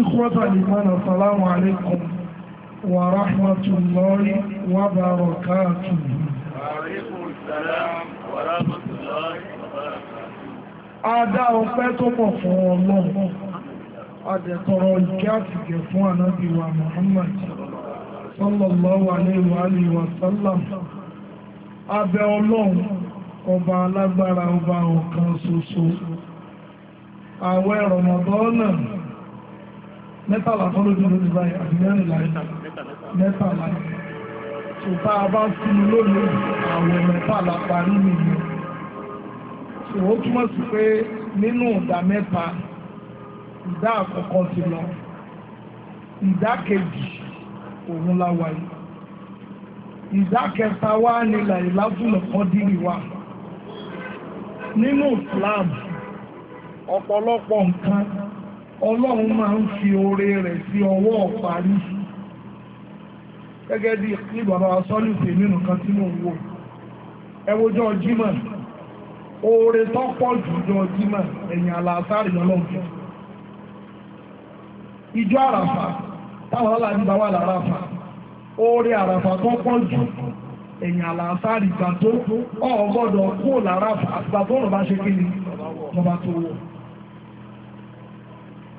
إخوة الإيمان السلام عليكم ورحمة الله وبركاته وعليكم السلام ورحمة الله وبركاته Adá ọpẹ́ tó pọ̀ fún Ọlọ́run, àdẹ̀tọ̀rọ̀ ìkẹ́ àtìgẹ̀ fún ànábì wa Muhammad, sallallahu alayhi wa alihi wa sallam. Abẹ Ọlọ́run, ọba alágbára ọba ọ̀kan ṣoṣo. Àwẹ̀ Rọ̀mọ̀dọ́ náà mẹ́tàlá tó lójú lójú báyìí àti mẹ́rin láìta mẹ́tàlá tó bá a bá sínú lónìí àwọ̀ mẹ́tàlá parí nìyẹn tó ó túmọ̀ sí pé nínú ìdá mẹ́ta ìdá àkọ́kọ́ ti lọ ìdá kejì òun la wà yìí ìdá kẹta wá ní làìláfùlọ̀ kan dìrì wa nínú Islam ọ̀pọ̀lọpọ̀ nǹkan ọlọ́run máa ń fi oore rẹ̀ sí ọwọ́ ọ̀parí gẹ́gẹ́ bí ní bàbá sọ́lùfẹ́ nínú kan tí mò ń wò ẹwọ́jọ́ jímọ̀ oore tó pọ̀ jọ jímọ̀ ẹ̀yìn àlàáfáàrí ọlọ́run ìjọ àràfà táwọn ọlá ní bàbá àràfà oore àràfà tó pọ̀ ẹ̀yìn ọ̀gọ́dọ̀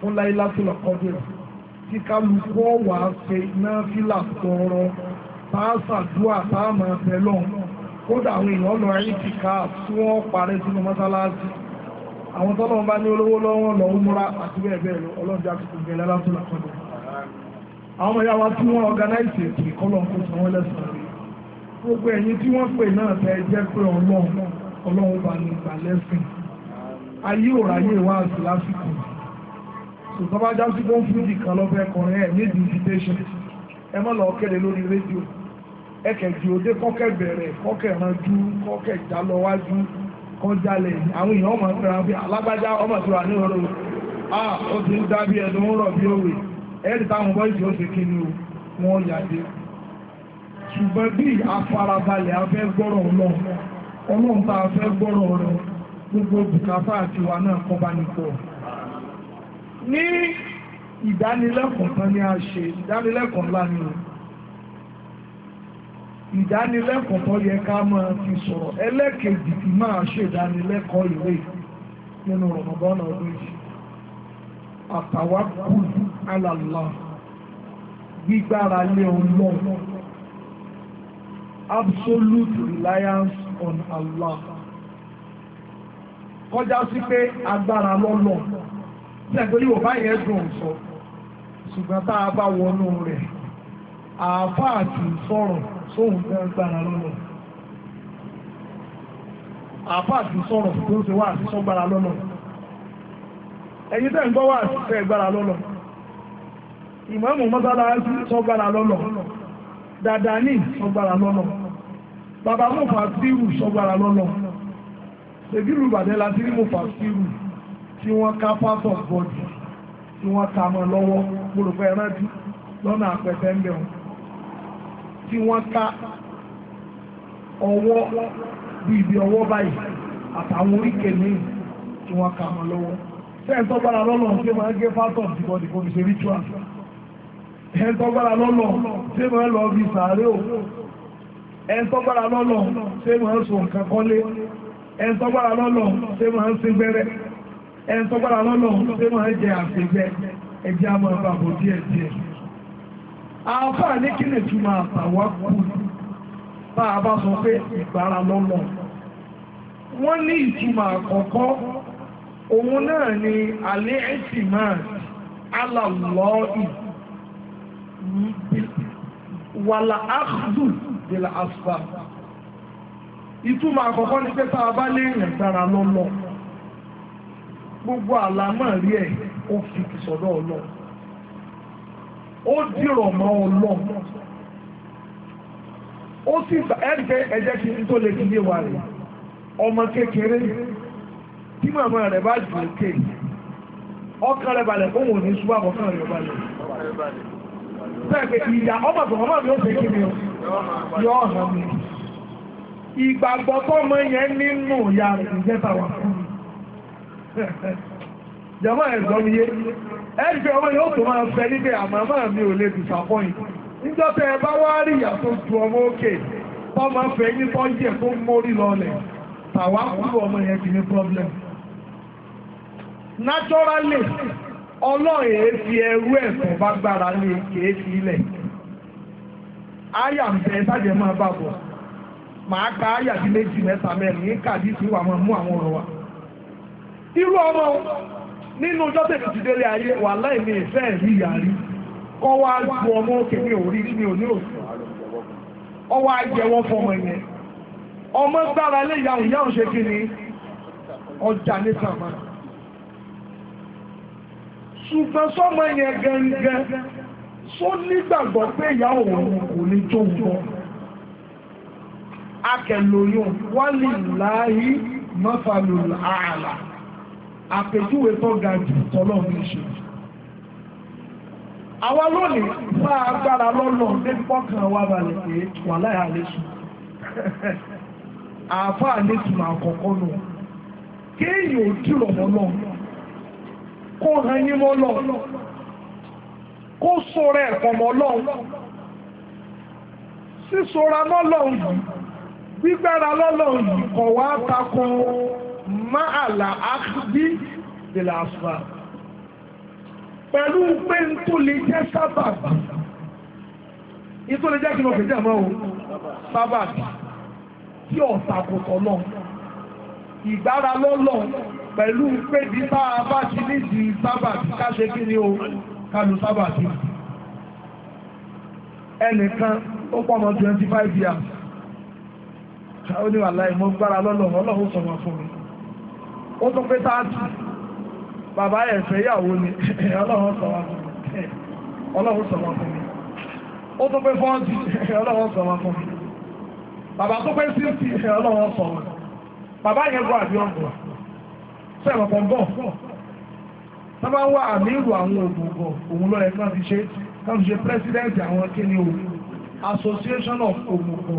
fún láìláfílà kọ́dìrà tí kálukú ọ̀wà ṣe náà fílà tọrọ tá a ṣàdúrà tá a máa bẹ lọ́n kódà àwọn èèyàn lọ rí ti ká tí wọ́n parẹ́ sínú mọ́sálásí àwọn tọ́lọ́ bá ní olówó lọ́wọ́ lọ múra àti bẹ́ẹ̀ bẹ́ẹ̀ lọ ọlọ́jà ti kò bẹ̀rẹ̀ láìláfílà kọ́dìrà àwọn ọmọ yàwá tí wọ́n ọ̀gánáìsì ètò ìkọ́lọ̀ kó san wọ́n lẹ́sàn-án rí gbogbo ẹ̀yin tí wọ́n pè náà fẹ́ jẹ́ pé ọlọ́run ọlọ́run bá ní ìgbà lẹ́sìn ayé òráyè wá sí yìí school tó bá jásí tó ń fún nìkan lọ́fẹ́ ẹkùnrin ẹ̀ nídìí invitation ẹ mọ́ lọ kéde lórí rédíò ẹkẹ̀dì òde kọ́kẹ́ bẹ̀rẹ̀ kọ́kẹ́ ranjú kọ́kẹ́ àwọn èèyàn ọmọ ìpẹ̀rẹ̀ bí alágbájá ọmọ ní ọ̀rọ̀ à ó ti ń dá bí ń rọ̀ bí òwe táwọn kí ni wọ́n ṣùgbọ́n bí afẹ́ gbọ́rọ̀ lọ ọlọ́run tá a fẹ́ gbọ́rọ̀ ní ìdánilẹ́kọ̀ọ́ kan ni a ṣe ìdánilẹ́kọ̀ọ́ ńlá ni o ìdánilẹ́kọ̀ọ́ tó yẹ ká máa fi sọ̀rọ̀ ẹlẹ́kẹ̀ẹ́jì tí máa ṣe ìdánilẹ́kọ̀ọ́ ìwé nínú rọ̀mọ̀bọ́nà ọdún yìí àtàwákù alàlá gbígbára lé ọlọ́run absolute reliance on Allah kọjá sí pé agbára lọ́lọ́run sẹ́gbẹ́ yóò bá yẹn dùn sọ ṣùgbọ́n tá a bá wọnú rẹ̀ àáfàá ti sọ̀rọ̀ sóhun fẹ́ gbára lọ́nà àáfàá ti sọ̀rọ̀ tó ń ṣe wá àti sọ́gbára lọ́nà ẹ̀yin tẹ́ ń gbọ́ wá àti fẹ́ gbára lọ́nà ìmọ̀ọ́mù mọ́sálásí sọ́gbára lọ́nà dàdání sọ́gbára lọ́nà bàbá mọ̀fà sírù sọ́gbára lọ́nà ṣèbírù bàdẹ́ la sírí mọ̀fà sírù tí wọ́n ká pásọ̀ bọ́ọ̀dì tí wọ́n ká mọ́ lọ́wọ́ gbòrògbò ẹ̀rántí lọ́nà àpẹẹfẹ́ ń bẹ̀rùn tí wọ́n ká ọwọ́ bí ibi ọwọ́ báyìí àtàwọn oríkè ní tí wọ́n ká mọ́ lọ́wọ́ sẹ́ẹ̀tọ́ gbára lọ́lọ́ tí wọ́n gé pásọ̀ bọ́ọ̀dì kò fi ṣe ritual ẹ̀ẹ́tọ́ gbára lọ́lọ́ tí wọ́n lọ fi sàárè ò ẹ̀ẹ́tọ́ gbára tí wọ́n sọ nǹkan kọ́lé ẹ̀ẹ́tọ́ gbára tí wọ́n ń ṣe gbẹ́rẹ́ ẹni tó gbára lọ́lọ́run tó máa jẹ àpèjẹ ẹjẹ́ a máa bá bọ̀ díẹ̀ díẹ̀ àfà ní kí lè túmọ̀ àtàwà kù bá a bá sọ pé ìgbára lọ́lọ́ wọ́n ní ìtumọ̀ àkọ́kọ́ òun náà ni alẹ́ ẹ̀sìn máa alàlọ́ọ̀ì wàlà áàdù ìlà àṣà ìtumọ̀ àkọ́kọ́ ni pé tá a bá lè rìn dára lọ́lọ́ọ̀ gbogbo àlámọ̀ rí ẹ̀ ó fi sọ́dọ̀ ọlọ́run ó dìrọ̀ mọ́ ọlọ́run ó sì ẹ̀jẹ̀ ẹ̀jẹ̀ kí n tó lè fi lé wa rẹ̀ ọmọ kékeré tí màmá rẹ̀ bá jù òkè ọkàn rẹ̀ balẹ̀ ó wọ̀n ní ṣúgbà ọkàn rẹ̀ balẹ̀ bẹ́ẹ̀ ìyá ọmọ tó ọmọ mi ó fẹ́ kí mi yọ ọ̀hàn mi ìgbàgbọ́ tó mọ yẹn nínú ìyá rẹ̀ ìjẹ́ta wà fún jama ẹ̀zọ́ mi yé ẹ̀rí ọmọ yóò tó máa fẹ́ níbẹ̀ àmọ́ mi ò lè disappoint níjọ́ ẹ bá wá rí ìyà tó ju ọmọ òkè tọ́mọ fẹ́ ní tọ́jẹ̀ tó mórí lọlẹ̀ tàwa kúrò ọmọ yẹn ti problem naturally fi ẹrú ẹ̀sùn bá gbára ní fi ilẹ̀ ń bẹ sájẹ̀ máa ka aya méjì mẹ́ta mẹ́rin ní kàdí sí wà máa mú àwọn irú ọmọ nínú jọ́tẹ̀ ìtìdélé ayé wà láì ní ìfẹ́ ẹ̀rí yàrí kọ́ wá ju ọmọ òkè ní orí ní òní òsì ọwọ́ ajẹ́wọ́ fọmọ yẹn ọmọ gbára lé ìyàwó ìyàwó ṣe kí ni ọjà ní sàmà ṣùgbọ́n sọ́mọ yẹn gẹ́gẹ́ só nígbàgbọ́ pé ìyàwó òun kò ní tó wọ́ akẹlòyún wálé láàyè mọ́fàlù ààlà àpèjúwe tó ga jù tọ́lọ́run ṣe àwa lónìí bá agbára lọ́lọ́ débi pọ́kàn wa balẹ̀ pé wà láyà lè sùn àáfàá lè sùn àkọ́kọ́ nù kéèyàn ò dìrọ̀ mọ́ náà kó hàn yín mọ́ náà kó sọ̀rọ̀ ẹ̀kọ́ mọ́ náà sísọra mọ́ náà yìí gbígbára lọ́lọ́ yìí kọ̀ wá takò máàlà ákùdí bìlà àfà pẹ̀lú pé ń tó lè jẹ́ sábàbà ìtò lè jẹ́ kí lọ fẹ́ jẹ́ mọ́ ohun sábàbà tí ọ̀sà àkùtọ̀ náà ìgbára lọ́lọ́ pẹ̀lú pé bí bá a bá ti nídi sábàbà káṣe kí ni o kálù sábàbà ẹnìkan ó pọ̀ mọ́ 25 years ó ní wà láì mọ́ gbára lọ́lọ́ ọlọ́run sọ̀rọ̀ fún mi ó tún pé táàtì bàbá ẹ̀ fẹ́ yàwó ni ọlọ́run sọ̀rọ̀ ọlọ́run sọ̀rọ̀ fún mi ó tún pé fọ́ọ̀tì ọlọ́run sọ̀rọ̀ fún mi bàbá tó pé síìtì ọlọ́run sọ̀rọ̀ bàbá yẹn gbọ́ àbí ọ̀gbọ̀n sẹ́wọ̀n pọ̀ ń bọ̀ sábà wà àmírù àwọn ògbògbò òun lọ́rẹ̀ kan fi ṣe kan fi ṣe pírẹ́sídẹ́ǹtì àwọn kíni o Association of Ògbògbò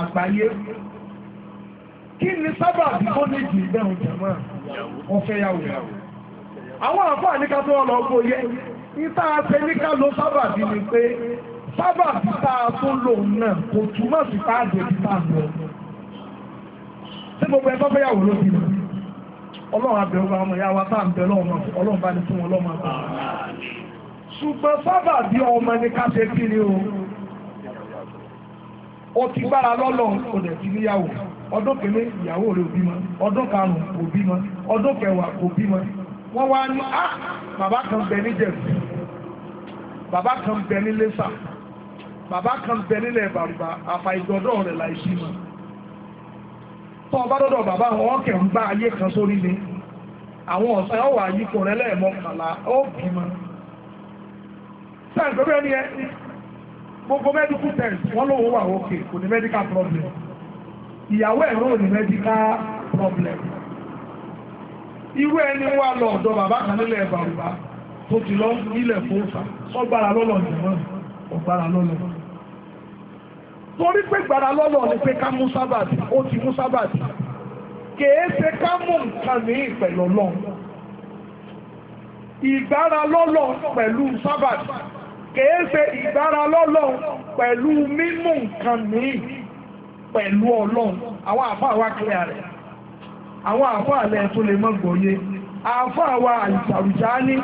àgbáyé kí ni sábàbí tó ní ìdí ìbẹ̀rù jẹ̀mọ́ wọn fẹ́ yàwó yàwó àwọn àfáà ní tó wọn lọ yẹ níta ṣe ní ká lo sábàbí ni pé sábàbí tá a tó lò náà kò túmọ̀ sí tá a jẹ bí tá a lọ sí gbogbo ẹ̀ tó fẹ́ yàwó ló ti lọ ọlọ́run abẹ ọba ọmọ ìyá wa tá à ń bẹ lọ́wọ́ náà ọlọ́run bá ní fún wọn lọ́mọ àgbà ṣùgbọ́n sábàbí ọmọ ní ká ṣe o ó ti gbára lọ́lọ́run kò dẹ̀ ti ọdún kẹlẹ ìyàwó rẹ̀ òbí ma ọdún karùn òbí ma ọdún kẹwàá òbí ma wọ́n wá ní á ah, bàbá kan bẹ ní jẹ̀bù bàbá kan bẹ ní lẹ́sà bàbá kan bẹ nílẹ̀ bàrùbà àfàìjọdọ̀ rẹ̀ láìsí ma tọ́ ọba dọ́dọ̀ bàbá wọn kẹ̀ ń bá ayé kan sórí ni àwọn ọ̀sán ọ̀wà yípo rẹ̀ lẹ́ẹ̀mọ́kànlá ó bí ma sáà ìgbẹ́bẹ́ ni ẹ gbogbo medical test wọ́n lówó wà ókè kò ní medical problem ìyàwó ẹ̀rọ ní medical problem irú ẹni wà lọ ọ̀dọ̀ bàbá kan nílẹ̀ bàbá tó ti lọ nílẹ̀ fòófà sọ́gbára lọ́lọ́ ìjọba ọ̀gbára lọ́lọ́ torí pé gbára lọ́lọ́ ni pé ká mú sábàtì ó ti mú sábàtì kèé ṣe ká mú nǹkan ní ìpẹ̀lọ́ lọ́n ìgbára lọ́lọ́ pẹ̀lú sábàtì kèé ṣe ìgbára lọ́lọ́ pẹ̀lú mímú nǹkan mìíràn pẹ̀lú ọlọ́run àwọn àfáà wá kílẹ̀ rẹ̀ àwọn àfáà lẹ̀ tó lè mọ́ gbòye àfáà wa àlùsàrùjáni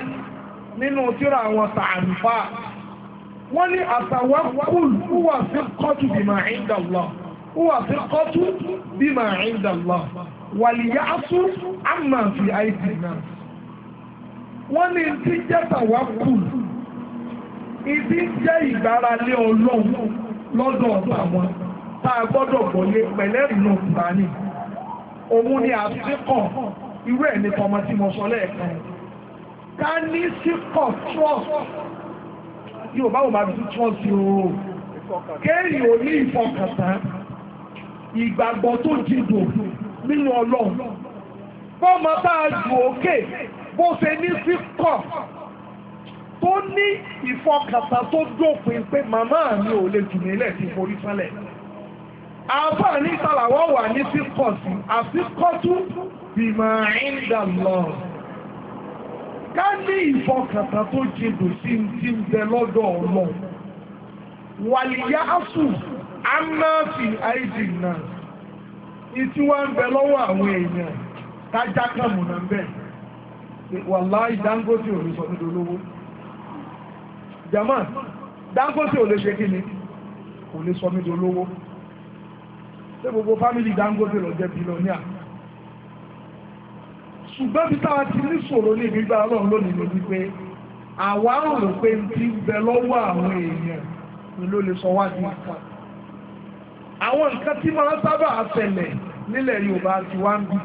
nínú tíra àwọn tààrífà wọ́n ní àtàwà kúlù wà sí kọ́tù bímà ìdàlọ́ wà sí kọ́tù bímà ìdàlọ́ wàlìyà ású àmà fi àìsí náà wọ́n ní ti jẹ́ tàwà kúlù ìdí jẹ́ ìgbáralé ọlọ́run lọ́dọ̀ ọ̀dọ̀ àwọn tá a gbọ́dọ̀ gbọ́yé pẹ̀lẹ́rì náà kùránì òun ni àfikọ́ irú ẹ̀ ní tọmọ tí mo sọ lẹ́ẹ̀kan ká ní síkọ̀ trust yóò báwo máa fi trust yóò kéèrì ò ní ìfọkàntán ìgbàgbọ́ tó jìndò nínú ọlọ́run fọ́mọ bá a jù òkè bó ṣe ní síkọ̀ tó ní ìfọkàntán tó dópin pé màmá mi ò lè jù nílẹ̀ sí forí sálẹ̀. àfà ní sàlàwọ́ wà ní síkọ̀tù asikọtu bìmọ̀ àìndà lọ ká ní ìfọkàtà tó jìnnà sí ti ń bẹ lọ́dọ̀ ọ̀lọ́ wàlìyá asù anáàfì àìjì náà ìtí wá ń bẹ lọ́wọ́ àwọn èèyàn tájá kàmùnà ń bẹ̀ wàláì Dangote ò lè sọ nídò olówó jama Dangote ò lè ṣe kí ni lè sọ olówó ṣé gbogbo fámìlì Dangote ló jẹ́ bílọ́níà ṣùgbọ́n bí táwa ti ní ṣòro ní ìgbà ọlọ́run lónìí ló ní pé àwa ń rò pé ti ń bẹ lọ́wọ́ àwọn èèyàn ni ló lè sọ wá di nǹkan àwọn nǹkan tí máa ń sábà ṣẹlẹ̀ nílẹ̀ Yorùbá ti wá ń bì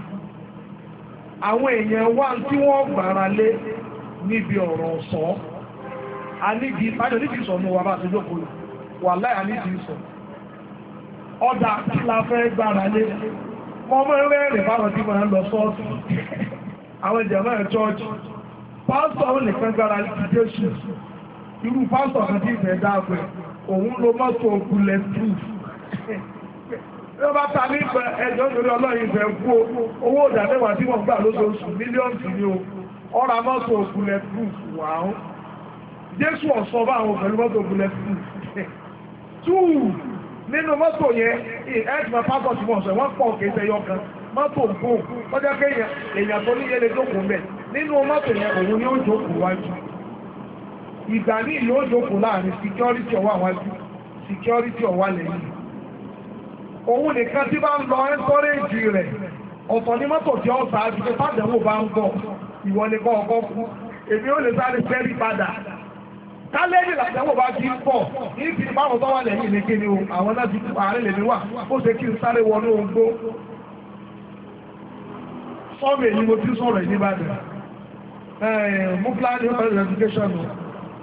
àwọn èèyàn wá tí wọ́n gbára lé níbi ọ̀rọ̀ sọ a nídìí ìsọ̀nù wa bá ti jókòó wà láì a ìsọ̀nù ọ̀dà la fẹ́ gbára lé wọ́n mọ́ rẹ́rìn báwọn tí wọ́n lọ sọ́ọ̀tù àwọn ìjọba ẹ̀ chọ́ọ̀chì pásítọ̀ ó nìkan gbára lé jésù irú pásítọ̀ kan tí ìfẹ́ dáàbẹ̀ òun ló mọ́tò bullet proof ló bá jésù ọ̀sọ́ bá àwọn òfin mọ́tò bullet nínú mọ́tò yẹn ẹ̀ẹ́dìmọ̀ pápọ̀ tí wọ́n sọ wọ́n pọ̀ kéṣe yọ kan mọ́tò gùn ọjọ́ pé èèyàn tó níye lè jókòó mẹ́ nínú mọ́tò yẹn òun ni ó jókòó wájú ìgbà ní ìlú ó jókòó láàrin security ọwọ́ àwájú security ọwọ́ lẹ́yìn òun nìkan tí bá ń lọ ẹ́ńtọ́rẹ́jì rẹ̀ ọ̀tọ̀ ní mọ́tò tí ó sáájú pé fàdánwò bá ń bọ̀ ìwọ ni kọ́ ọkọ́ fún èmi ó lè sáré fẹ́rí padà kálẹ́yìn làtẹ́wò bá ti ń pọ̀ níbi ìbáwọn tó wà lẹ́yìn lè kéde o àwọn náà ti ààrẹ lèmi wà ó ṣe kí n sáré wọnú ogbó sọ́ọ̀mù èyí mo ti sọ̀rọ̀ ìdí bá dẹ̀ mú planning for education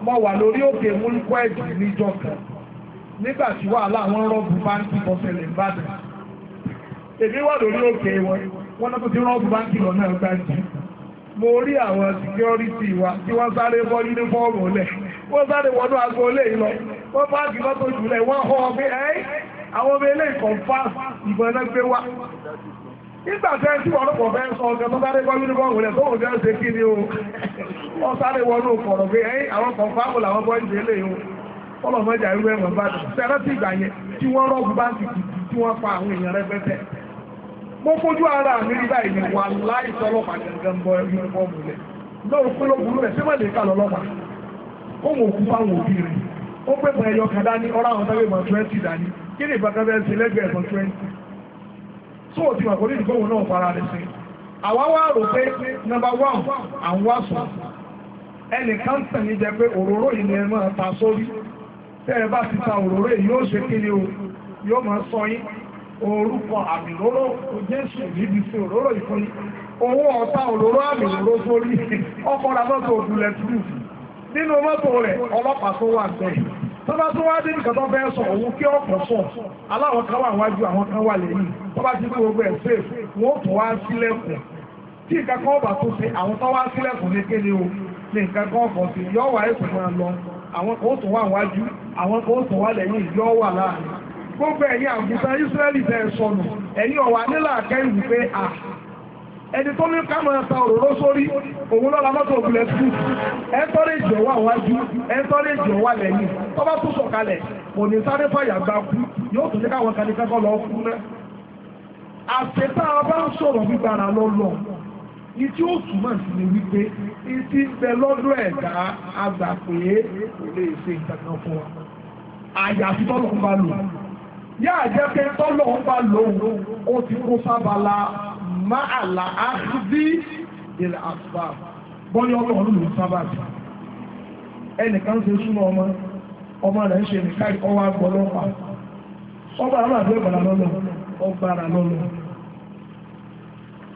mo wà lórí òkè múlùkọ́ ẹ̀jẹ̀ níjọ́ kan nígbà tí wàhálà wọn rọ́ọ̀bù báńkì bọ́sẹ̀lẹ̀ ń bá dẹ̀ èmi wà lórí òkè wọn wọn náà tó ti rọ́ọ̀bù báńkì lọ náà gbájú mo rí àwọn security wa tí wọ́n sáré bọ́ yúnífọ́ọ̀mù lẹ̀ wọ́n sáré wọnú agbó olè ìlọ wọ́n bá kí lọ́tọ̀ jùlẹ̀ wọ́n họ ọgbẹ́ ẹ́ àwọn ọmọ ilé ìkọ̀ǹfà ìbọn náà gbé wá nígbà tẹ́ tí wọ́n lọ́pọ̀ fẹ́ sọ ọ̀gá tó sáré gbọ́ yúnífọ́ọ̀mù rẹ̀ tó wọ́n fẹ́ ṣe kí ni o wọ́n sáré wọnú kọ̀rọ̀ pé ẹ́ àwọn kọ̀ǹfà kò làwọn bọ́ ìdè lè o ọlọ́mọdé àìwé ẹ̀wọ̀n bá dùn sẹ́rẹ́ tí ìgbà yẹn tí wọ́n rọ́ọ̀bù báńkì kìkì tí wọ́n pa àwọn èèyàn rẹpẹtẹ mo fojú ara mi rí báyìí wà láì sọ́lọ́pàá gẹ̀gẹ̀ ń bọ yúnífọ́ọ̀mù rẹ̀ lóòpin lóòpin rẹ̀ sí ó wò kú fáwọn òbí rẹ̀ ó pẹ́ bọ̀ ẹyọ kàdá ní ọ̀rọ̀ àwọn tábìlì mọ̀ twenty dání kí ni ìbátan bẹ́ẹ̀ ṣe lẹ́gbẹ̀ẹ́ mọ̀ twenty ti wà kó ní ìdíkọ́wò náà fara rẹ̀ sí àwa wá rò pé nọ́mbà one àwọn wá sọ ẹnì kan ní jẹ pé òróró yìí ni ẹ máa ta sórí tẹ́ ẹ bá ti ta òróró yìí yóò ṣe kí ni o yóò máa sọ yín orúkọ àmì òróró Jésù níbi sí òróró ìfún yín owó ọ̀tá òróró àmì òróró sórí ọkọ̀ ra lọ́sọ̀ òkú lẹ́tùrù sí nínú mọ́tò rẹ̀ ọlọ́pàá tó wà bẹ́ẹ̀ tó bá tó wá dé nìkan tó bẹ́ẹ̀ sọ òun kí ọ̀pọ̀ sọ aláwọ̀ kan wà wájú àwọn kan wà lẹ́yìn tó bá ti gbogbo ẹ̀ pé wọ́n tó wá sílẹ̀kùn tí nǹkan kan tó ṣe àwọn tó sílẹ̀kùn ní kéde o ní nǹkan kan kan sí yọ wà ẹ̀sùn máa lọ àwọn kan ó tó wà wájú àwọn kan ó tó wà lẹ́yìn yọ wà láàrin gbogbo ẹ̀yìn àgùntàn Ísírẹ́lì bẹ́ẹ̀ sọnù ẹ̀yìn ọ̀wà nílà akẹ́rù pé ẹni tó ní ká máa ta òróró sórí òun lọ́la mọ́tò bullet proof ẹ̀ńtọ́rẹ́ ìjọwà wájú ẹ̀ńtọ́rẹ́ ìjọwà lẹ́yìn tó bá tún sọ̀kalẹ̀ kò ní sáré fàyà gbà kú yóò tún jẹ́ káwọn kan ní kẹ́kọ̀ọ́ lọ kú náà àṣetá bá ń sọ̀rọ̀ gbígbára lọ́lọ́ ní tí ó túmọ̀ sí ni wípé ìtí ń bẹ lọ́dọ̀ ẹ̀dá àgbà pé kò lè ṣe ìtàkàn fún wa àyàfi tọ́lọ̀ ń bá lò yáà jẹ́ pé tọ́lọ̀ ń bá lò ó ti kó sábàlá máa àlà ákúdí ìlà àṣà bọ́yọ́ ọlọ́run ló sábàbí ẹnìkan ṣe súnmọ́ ọmọ ọmọ rẹ̀ ń ṣe nìka ọwọ́ agbọ́lọ́pàá ọgbà àwọn àbúrò ìgbàlá lọ́lọ́ ọgbàrà lọ́lọ́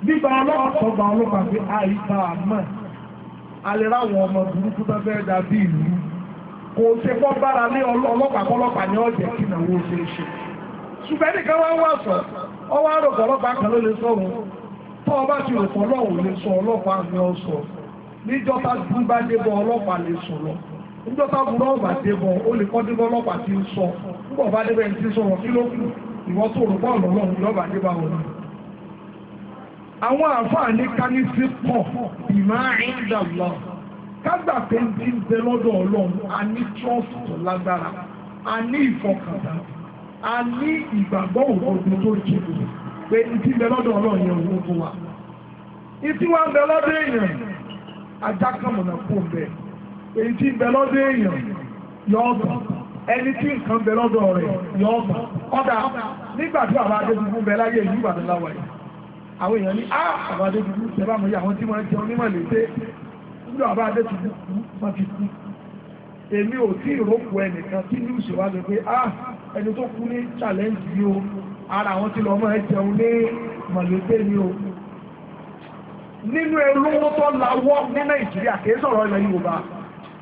gbígba ọlọ́pàá ọgbà ọlọ́pàá pé àìsà àmọ́ alẹ́ ráwọn ọmọ burúkú tó fẹ́ dàbí ìlú kò ṣe kọ́ bára lé ọlọ́pàá kọ́lọ́pàá ní ọ̀jẹ̀ kí nàwó ṣe ṣùgbẹ́ nìkan wá sọ ọwọ́ kan ló lè tó ọba ti òpó lọ́wọ́ lè sọ ọlọ́pàá mi ọ sọ níjọba burú bá débọ ọlọ́pàá lè sọ̀rọ̀ níjọba burú ọba débọ ó débọ ọlọ́pàá ti ń sọ nígbà ọba débọ ti sọ̀rọ̀ kí ló kù ìwọ́ tó rò bọ́ ọ̀lọ́ lọ́wọ́ ìjọba débọ ọ̀rọ̀ àwọn àǹfààní kánífì pọ̀ ìmọ̀ àìdà lọ kágbà pé ń ti ń bẹ lọ́dọ̀ ọlọ́run a ní trust lágbára pé ìtí bẹ lọ́dọ̀ ọlọ́yìn ọ̀hún fún wa ìtí wá ń bẹ lọ́dọ̀ èèyàn ajá kàmùnà kò ń bẹ èyí tí ń bẹ lọ́dọ̀ èèyàn yọ ọ̀tọ̀ ẹni tí nǹkan bẹ lọ́dọ̀ rẹ̀ yọ ọ̀tọ̀ ọ̀dà nígbà tí àwọn adébùkún bẹ láyé ìlú Ìbàdàn láwà yìí àwọn èèyàn ní á àwọn adébùkún tẹ bá mọ àwọn tí wọ́n jẹun nímọ̀ lédè nígbà àwọn adébùkún wọ́n ti kú èmi ò tí ìrókò ẹnìkan tí ní ìṣèwádìí pé á ẹni tó kú ní challenge yìí o ara àwọn tí lọ mọ́ ẹ jẹun ní mọ̀lédé ni o nínú olówó tó lawọ́ ní nàìjíríà kìí sọ̀rọ̀ ilẹ̀ yorùbá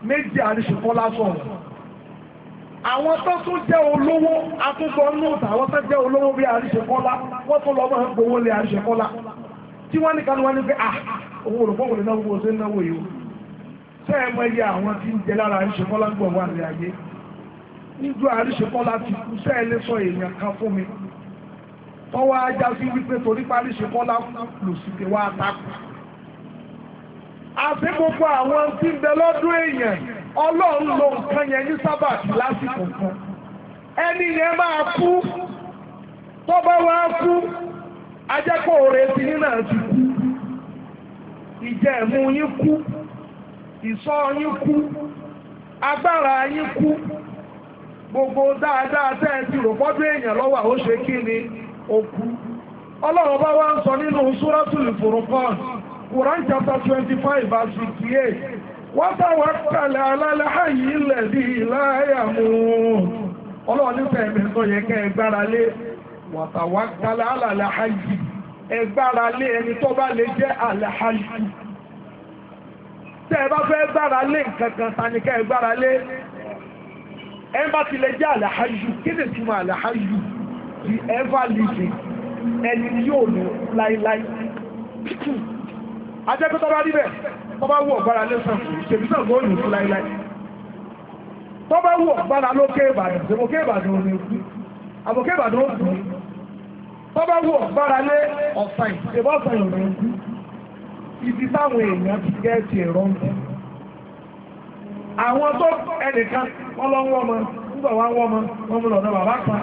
méjì àríṣekọ́ lásán àwọn tó tún jẹ́ olówó atúntò nóòtù àwọn tó jẹ́ olówó bí àríṣekọ́lá wọ́n tún lọ mọ́ ẹ gbowó lé àríṣekọ́lá tí wọ́n ní kánú wọn ní pé à ah, òun òrùkọ́ òun náà gbogbo ṣe ń náwó yìí sẹ́ẹ̀ mọ́ iye àwọn tí ń jẹ lára àríṣekọ́lá gbọ̀n wà ní ayé níjọ́ àríṣekọ́lá ti kú sẹ́ẹ̀ lé sọ èèyàn kan fún mi tọ́wọ́ ajá sí wípé torí parí ṣe kọ́ lòsìkè wá takù. àti gbogbo àwọn tí ń bẹ lọ́dún èèyàn ọlọ́run lo nǹkan yẹn ní sábàtì lásìkò kan ẹni yẹn máa kú tó wá kú ajẹ́kọ̀ ti ní ti kú yín kú ìsọ́ yín gbogbo dáadáa tẹ́ ẹ ti rò fọ́dún èèyàn okú ọlọ́run wa ń sọ nínú súrátùlù fòrókọ́n Quran chapter twenty five verse fifty eight wọ́n bá kàlẹ̀ alálẹ́ àyè ilẹ̀ bí mi yẹ kẹ́ ẹ gbára lé wàtàwà kàlẹ̀ alálẹ́ àyè ẹ gbára lé ẹni tó bá lè jẹ́ alẹ́ àyè tẹ́ ẹ bá fẹ́ gbára lé kẹ́ ẹ gbára lé ẹ bá ti lè jẹ́ alẹ́ àyè kí túmọ̀ the ever living ẹni tí ò ní láíláí ajẹ́pẹ́ tọ́bá níbẹ̀ tọ́bá wù ọ̀gbára lẹ́sàn fún ìṣèbísàn góòlù fún láíláí tọ́bá wù ọ̀gbára lókè ìbàdàn ìbòkè ìbàdàn ò ní kú àbòkè ìbàdàn ò dùn tọ́bá wù ọ̀gbára lé ọ̀sán ìbọ̀sán ò ní kú ibi táwọn èèyàn ti gẹ́ẹ̀tì ẹ̀rọ ń bọ̀ àwọn tó ẹnìkan ọlọ́wọ́ ọmọ ń bọ̀ wá wọ́ ọmọ wọn mú lọ́dọ̀ bàbá kan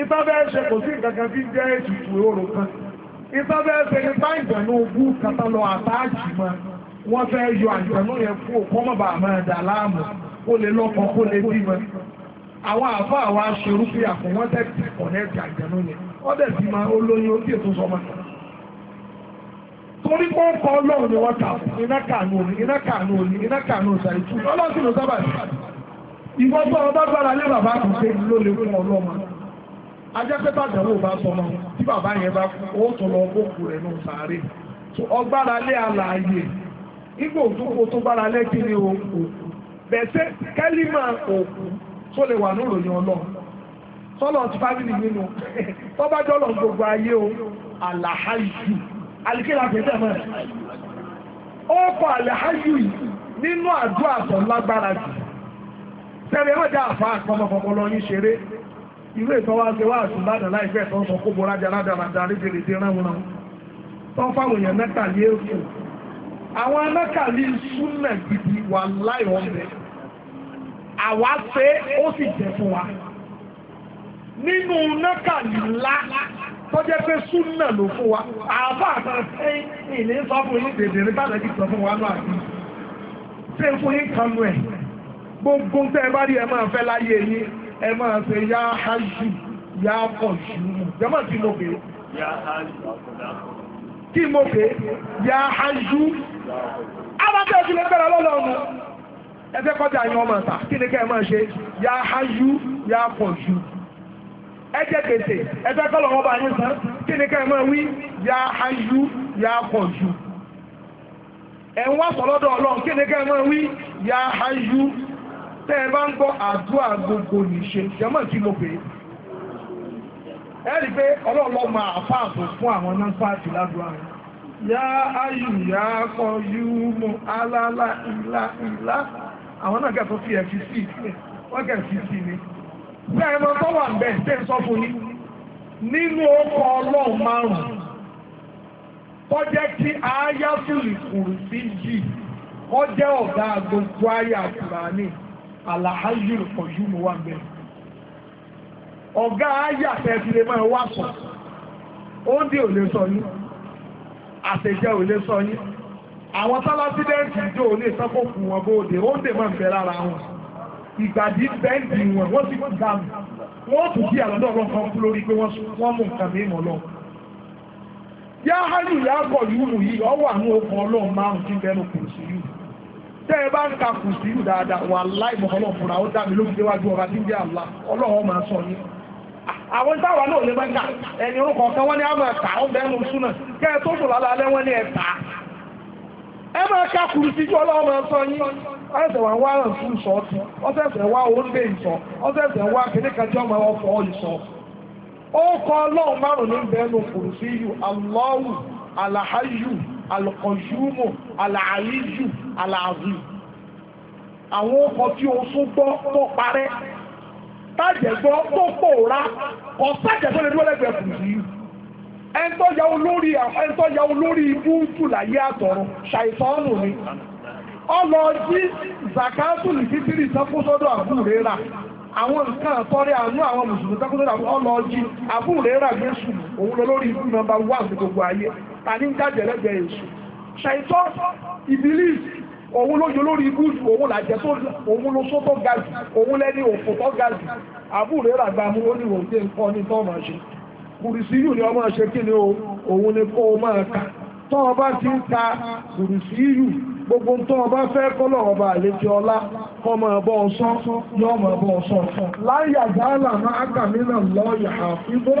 ìbá bẹ́ẹ̀ ṣe kò sí ìgbàgbà bí jẹ́ ètùtù oòrùn kan ìbá bẹ́ẹ̀ ṣe ní bá ìgbàna ogún kàtà lọ àtàjì mọ́ wọ́n fẹ́ yọ àjọ̀nú yẹn fún òkọ́mọ̀bà máa dà láàmú kó lè lọ́kọ kó lè bímọ àwọn àfa àwa ṣerú sí àpò wọ́n tẹ̀sí kọ̀nẹ́ẹ̀tì àjọ̀nú yẹn wọ́n dẹ̀ sí máa olóyún ó sì ètò sọmọ torí kó ń kọ ọlọ́run ni wọ́n ta iná kànú òní iná kànú òní iná kànú òsàlẹ̀ tù ọlọ́sìn ló sábà sí ìwọ́n tó ọba gbára lé bàbá àkùnfẹ́ ló lè fún ọlọ́run ajẹ́pẹ́ bàdàwò bá sọmọ tí bàbá yẹn bá kú ó tó lọ gbókù rẹ̀ nù sàárè tó ọgbára lé àlàyé igbó òtúkò tó gbára lé kí ni òkú bẹ̀sẹ̀ kẹ́límà òkú tó lè wà ní ìròyìn ọlọ́run tọ́lọ̀ ti fámìlì nínú tó bá jọ́lọ̀ gbogbo ayé o àlàáyù alìkílà pẹ̀lẹ́ mọ́ ó kọ àlàáyù nínú àdúrà tó lágbára jù tẹ̀lé ọjà àfa àpamọ́pọ̀pọ̀ ilé ìtọ́wáṣe wà àṣùbádàn láìpẹ́ tó ń sọ kó bo rájà rádaràdà àrídèrèdè ránwọ́n tó ń fáwọn èèyàn mẹ́tàlí èkó àwọn mẹ́tàlí súnà gidi wà láì ọ̀bẹ àwa ṣe ó sì jẹ fún wa nínú mẹ́tàlí ńlá tó jẹ́ pé súnà ló fún wa àbá àtàṣe ìní sọ fún yín dèdè ní bàtà kì í sọ fún wa náà àbí ṣé fún yín kan nù ẹ̀ gbogbo tẹ́ ẹ bá rí ẹ máa ṣe yá hajjú yá pọ̀ ṣùgbọ́n jẹ́mọ̀ tí mo pè kí mo pè yá hajjú alábẹ́ ìfilẹ̀ bẹ̀rẹ̀ lọ́lọ́run ẹgbẹ́ kọjá yín ọmọ ọ̀tà kí ni kẹ́ ẹ máa ṣe yá hajjú yá pọ̀ ṣù ẹjẹ́ tètè ẹgbẹ́ kọ́lọ̀ wọn bá yín sán kí ni kẹ́ ẹ máa wí yá hajjú yá pọ̀ ṣù ẹ̀ ń wá sọ lọ́dọ̀ ọlọ́run kí ni kẹ́ ẹ wí yá hajjú tẹ́ ẹ bá ń gbọ́ àdúrà gbogbo nìṣe jẹ́mọ̀ kí mo pè é ẹ rí i pé ọlọ́ọ̀lọ́ máa àfáàbò fún àwọn nọ́ńfààtì ládùúgbò rẹ̀ yá ayù yá kọ yúmù alálá ìlà ìlà àwọn náà kẹ́kọ̀ọ́ fi ẹ̀fí sí ìpínlẹ̀ wọ́n kẹ́ fi sí ni tẹ́ ẹ máa tọ́wà ń bẹ̀ tẹ́ ẹ sọ fún yín nínú ọkọ̀ ọlọ́ọ̀ márùn-ún kọjẹ́ kí ayáfùlì kùrù sí yìí kọjẹ́ ọ̀gá gbogbo ayé àkùrà ní àlàáyùl kọ̀yú mọ̀ wà bẹ́ẹ̀ ọ̀gá ayàfẹ́ ti lè máa wà sọ oúnjẹ ò lè sọ yín àtẹ̀jẹ ò lè sọ yín àwọn tálásídẹ́ǹtì ìjọ ò lè sọ́kòkù wọn bóde oúnjẹ máa ń bẹ lára wọn ìgbàdí bẹ́ǹdì wọn wọ́n ti kú dànù wọ́n tún kí àlọ́dọ̀ ọ̀rọ̀ kan kú lórí pé wọ́n mú nǹkan mímọ́ lọ yá hálù yá yìí ọwọ́ àwọn okùn ọlọ́run márùn-ún tẹ́ ẹ bá ń ka kù sí dáadáa wà láì mọ̀kànlọ́ fúnra ó dá mi lókè déwájú ọba tí ń jẹ́ àlá ọlọ́run máa sọ ní. àwọn táwa náà lè bá ẹni orúkọ kan wọ́n ó súnà kẹ́ ẹ tó wọ́n ẹ máa ka kù sí ju ọlọ́run máa sọ yín ọ̀sẹ̀ wà wá ọ̀sùn sọ ọtí ọ̀sẹ̀sẹ̀ wá oúnjẹ ọ̀sẹ̀sẹ̀ alahayu alkọ̀yúmọ̀ alahayu alahazu àwọn ọkọ̀ tí o sún gbọ́ tó parẹ́ tájẹ̀gbọ́ tó pòórá kọ̀ sájẹ̀gbọ́ lè dúró lẹ́gbẹ̀ẹ́ kù sí ẹ̀ńtọ́ ya olórí ẹ̀ńtọ́ ya olórí ibú jùláyé àtọ̀run ṣàìsọ́ọ̀nù ni ọlọ́ọ̀jí zakatuli fitiri sọ́kúsọ́dọ̀ àbúrẹ́ra àwọn nǹkan àtọ́rẹ́ àánú àwọn mùsùlùmí sọ́kúsọ́dọ̀ àbúrẹ́ra ọlọ́ọ̀jí àbúrẹ́ra gbé sùn òun lọ lórí ibú nọ́mbà 1 gbogbo ayé tàní ń jàjẹ̀ lẹ́gbẹ̀ẹ́ èṣù ṣàìtọ́ ìbílíf òun ló yọ lórí gúúsù òun làjẹ́ tó òun ló só tó gàzì òun lẹ́ni òfò tó gàzì àbúrò rà gba mú ó ní òun tí ń kọ́ ní tó máa ṣe kùrìsí yìí ni ọmọ ṣe kí ni òun ni kó o máa kà tó o bá ti ń ka kùrìsí yìí gbogbo tó o bá fẹ́ kọ́lọ̀ ọba àlejò ọlá kọ́ máa bọ́ ọsán yóò máa bọ́ ọsán láyà dáhàlà máa kà mí náà lọ yòhàfíbó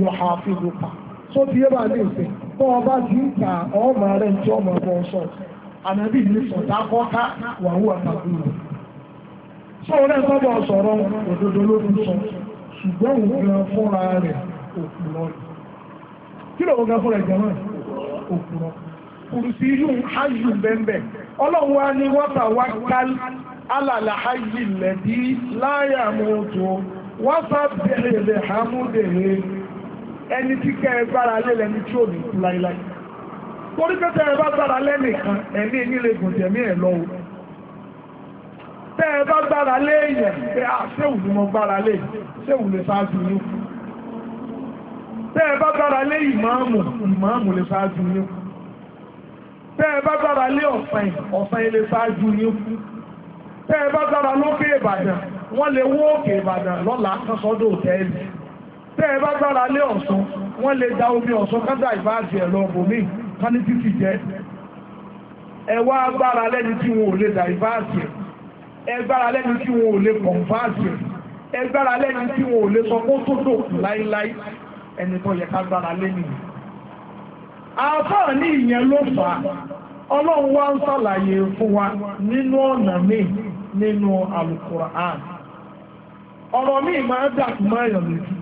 yòhàfíbó pa tó ti yé ní ìsìn tó ọba ti ń ta ọmọ rẹ̀ ń tí ọmọ sọ ànábì ní sọ̀tà kọ́ká wàhú àtàkùn sọ rẹ̀ sọ́dọ̀ sọ̀rọ̀ òdodo ló ń sọ ṣùgbọ́n òun gan fúnra rẹ̀ òkùnrọ̀ kí gan fúnra ìjọba òkùnrọ̀ bẹ́ẹ̀ ọlọ́run wá alàlà lẹ́bí láyà ẹni tí kẹ́ ẹ gbára lé lẹni tí ò ní kú láíláí torí pé tẹ́ ẹ bá gbára lẹ́nìkan ẹ̀mí nílé gùn tẹ̀mí ẹ̀ lọ o tẹ́ ẹ bá gbára lé èèyàn pé à séwù ni mo gbára lé séwù lè ṣáájú yín kú tẹ́ ẹ bá gbára lé ìmáàmù ìmáàmù lè ṣáájú yín kú tẹ́ ẹ bá gbára lé ọ̀sán ọ̀sán lè ṣáájú yín kú tẹ́ ẹ bá gbára lókè Ìbàdàn wọ́n lè wó òkè Ìbàdàn lọ́la kan sọ́dọ̀ tẹ́ ẹ bá gbára lé ọ̀ṣun wọ́n lè da omi ọ̀ṣun kádà ìbáàdì ẹ̀rọ ọ̀bùnmí kání títì jẹ́ ẹ wá gbára lẹ́ni tí wọn ò lè dà ìbáàdì ẹ̀ ẹ gbára lẹ́ni tí wọn ò lè kọ̀ǹfáàdì ẹ̀ ẹ gbára lẹ́ni tí wọn ò lè sọ kó tó dòkù láíláí ẹni tó yẹ ká gbára lẹ́ni yìí àfáà ní ìyẹn ló fà á ọlọ́run wá ń sàlàyé fún wa nínú ọ̀nà míì nínú Al-Qur'an ọ̀rọ̀ míì máa dàkú máa yàn lójú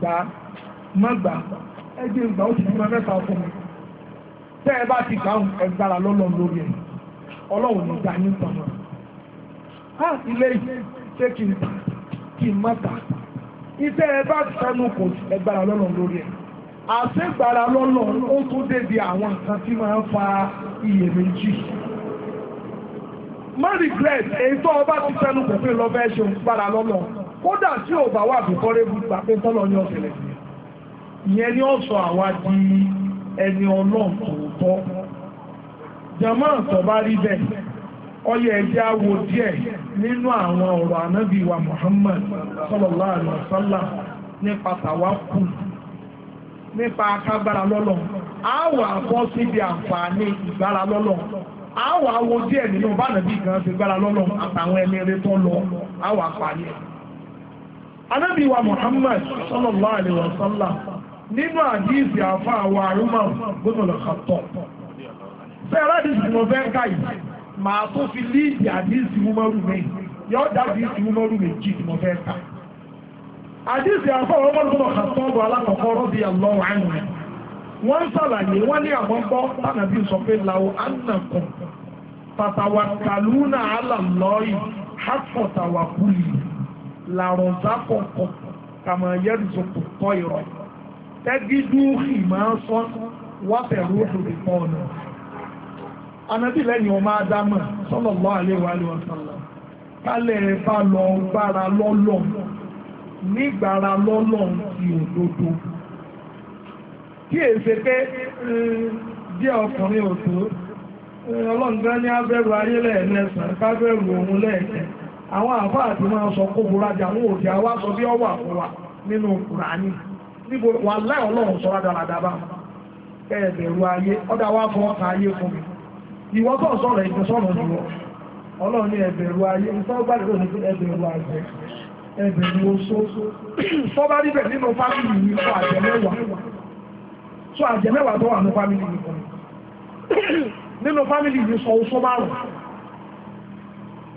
gbà á má gbà á ẹgbẹ́ ìgbà ó ti fún mẹ́fà fún mi tẹ́ ẹ bá ti gbàhùn ẹgbàrà lọ́lọ́run lórí ẹ̀ ọlọ́run ní ìgbà yín tọ̀nà á ilé ṣé kí n tà kí n má tà iṣẹ́ ẹ bá ti sẹ́nu kò ẹgbàrà lọ́lọ́run lórí ẹ̀ àṣegbàrà lọ́lọ́run ó tún débi àwọn nǹkan tí máa ń fa iyèméjì má regret èyí tó o bá ti sẹ́nu kò pé lọ́fẹ́ ṣe ń gbàrà lọ́lọ́run kódà tí ò bá wà bùkọ́rẹ́ gbígbà pé tọ́lọ ní ọ̀sẹ̀lẹ̀ ìyẹn ni ó sọ àwa di ẹni ọlọ́run tòótọ́ bá ọyẹ díẹ̀ nínú àwọn ọ̀rọ̀ Muhammad nípa akágbára lọ́lọ́ àwọ̀ síbi ìgbára lọ́lọ́ àwọ̀ díẹ̀ nínú bánàbí anábì wa Muhammad sallallahu alaihi wa sallam nínú àdíìsì àfa àwọn àrùmọ̀ gbọ́dọ̀ kàtọ́ fẹ́ẹ̀rẹ́ àdíìsì mo fẹ́ ká yìí màá tó fi líìdì àdíìsì múmọ́rù mi yọ dábìí sí múmọ́rù méjì mo fẹ́ ká àdíìsì àfa àwọn ọmọ gbọ́dọ̀ kàtọ́ ọ̀dọ̀ alákọ̀ọ́kọ́ rọ́bì àlọ́wọ̀ àyùn wọ́n làrùn zákọ̀kọ̀ kàmọ̀ yẹ́rùsọ̀kọ̀ tọ́ ìrọ̀ tẹ́gídúhì máa ń sọ wọ́n pẹ̀lú òṣèré pọ̀ ọ̀nà anábì lẹ́yìn ọmọ adámà sallallahu alaihi wa sallam kálẹ̀ bá lọ gbára lọ́lọ́ nígbàra lọ́lọ́ ti òdodo kí èsè pé díẹ̀ eh, ọkùnrin òtó eh, ọlọ́ngbẹ́ ní abẹ́rù ayé lẹ́ẹ̀mẹ́sàn-án kábẹ́rù òun lẹ́ẹ̀kẹ́ àwọn àfáà àti máa sọ kó òkè àwa sọ bí ọwọ́ àkùnwà nínú kùránì níbo wà láì ọlọ́run sọ rádaràdà ẹ̀ẹ̀bẹ̀rù ayé ọ̀dà wá fọ́ ayé fún mi ìwọ tó sọ̀rọ̀ ìjọ sọ̀rọ̀ ìwọ ọlọ́run ní ẹ̀bẹ̀rù ayé ìfọ́gbàdìrò ní ẹ̀bẹ̀rù ẹ̀bẹ̀rù oṣó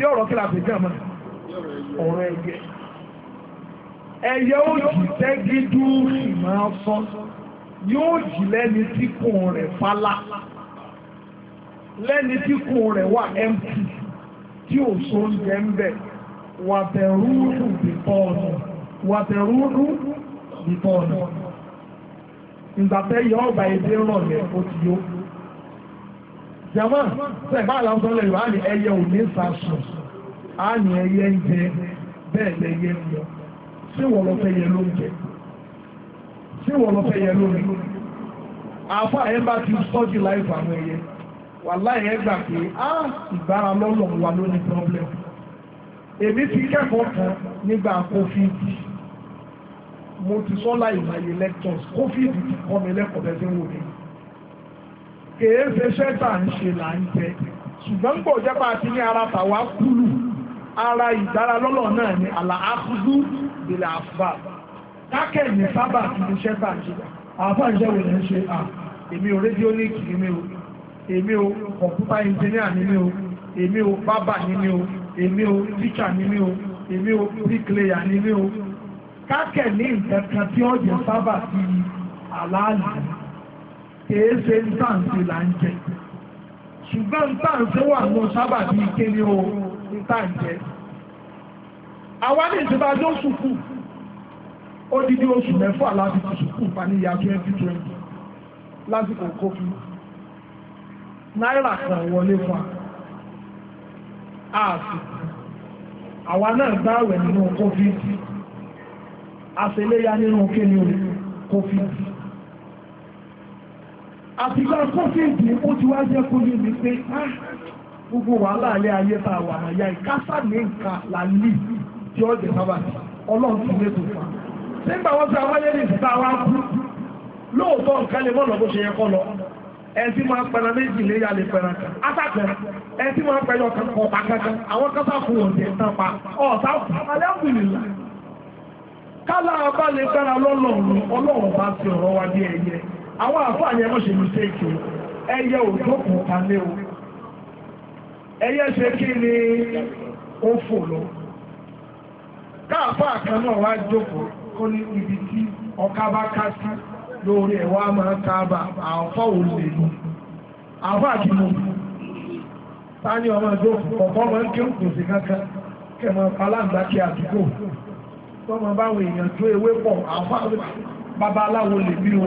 sí ọ̀rọ̀ kí la fi jẹ́ ọmọ ọ̀rọ̀ ẹ̀yẹ ẹ̀yẹ ó jì tẹ́gí dúró máa sọ yóò jì lẹ́ni tí kùn rẹ̀ fálá lẹ́ni tí kùn rẹ̀ wà empty tí ò so oúnjẹ ń bẹ̀ wàtẹ̀rúdù bìtọ́ọ̀nù wàtẹ̀rúdù bìtọ́ọ̀nù ìgbàfẹ́ yọ ọgbà èdè rọ̀ yẹn ó ti yó jẹ́mọ́ sẹ́gbà àlàmúsọ́lẹ̀ yóò á ní ẹyẹ ò ní sàṣùn á ní ẹyẹ ń jẹ bẹ́ẹ̀ lẹ́yẹ ń lọ sí wọ́n lọ fẹ́ yẹ lóúnjẹ sí wọ́n lọ fẹ́ yẹ lómi àfà ẹ̀ bá ti sọ́jú láìpẹ́ àwọn ẹyẹ wà láyé gbà pé á ìgbára lọ́lọ́ wa ló ní problem èmi ti kẹ́kọ̀ọ́ kan nígbà covid mo ti sọ láì máa yẹ lectures covid ti kọ́ mi lẹ́kọ̀ọ́ bẹ́ẹ̀ tí ń wò mí kèé ṣe ṣẹ́tà ń ṣe là ń jẹ ṣùgbọ́n pò jẹ́pà àti ní ara tàwa kúlù ara ìdára lọ́lọ́ náà ni àlàáfúdú ìbílẹ̀ àfà kákẹ́yìn sábà ti ní ṣẹ́tà ń ṣe àfà ń ṣẹ́wò lẹ́ ń ṣe à èmi ò rédíò ní kì èmi o èmi o kọ̀ǹpútà ẹnjìníà ni mí o èmi o bábà ni mí o èmi o tíṣà ni mí o èmi o bíkìlẹ̀yà ni mí o kákẹ́ ní nǹkan kan tí ó jẹ́ sábà ti àlàálì kìí ṣe ń tàǹsì là ń jẹ ṣùgbọ́n ń tàǹsì wà ní sábà bíi kéde o ń tàǹjẹ. àwa ní ìjọba ló sùkú ó dídí oṣù mẹ́fà láti ti sùkú ìpànìyà twenty twenty lásìkò kófí náírà kan wọlé fún wa ààfì àwa náà gbáwẹ̀ nínú kófí àṣẹléyà nínú kéde o kófí àtìgbà kọ́fíìdì ó ti wá jẹ́ kó ní mi pé ah, gbogbo wàhálà alẹ́ ayé tá a wà náyà ìkásà ní nǹkan là tí ó jẹ́ sábà ọlọ́run ti mẹ́tò fà nígbà wọ́n ti àwáyé ní ìsìta wa kú lóòótọ́ nǹkan lè mọ́nà bó ṣe yẹ kọ́ lọ ẹtí máa pẹran méjì lé yàlẹ pẹran kan atápẹran ẹtí máa pẹyọ kan ọ̀pá kankan àwọn kásá fún òǹdè tán pa ọ̀tá alẹ́kùnrinlá kálá abá lè pẹran lọ́lọ́run ọlọ́run bá ti ọ̀rọ̀ wa bí ẹyẹ àwọn àfáà ni ẹmọ́ ṣe mú séèkì ẹyẹ òjòkùn pané o ẹyẹ ṣe kí ni ó fò lọ káàfáà kan náà wá jókòó kó ní ibi tí ọká bá ká sí lórí ẹ̀wọ́ a máa káàbà àfọ́ òlè lọ àfáà kí mo bú ta ni ọmọ ìjókòó ọ̀pọ̀ máa ń ké òkú sí kankan kẹmọ aláǹgbá kí àdúgbò tọmọ báwọn èèyàn tó ewé pọ̀ àfáà babaláwo lè bí o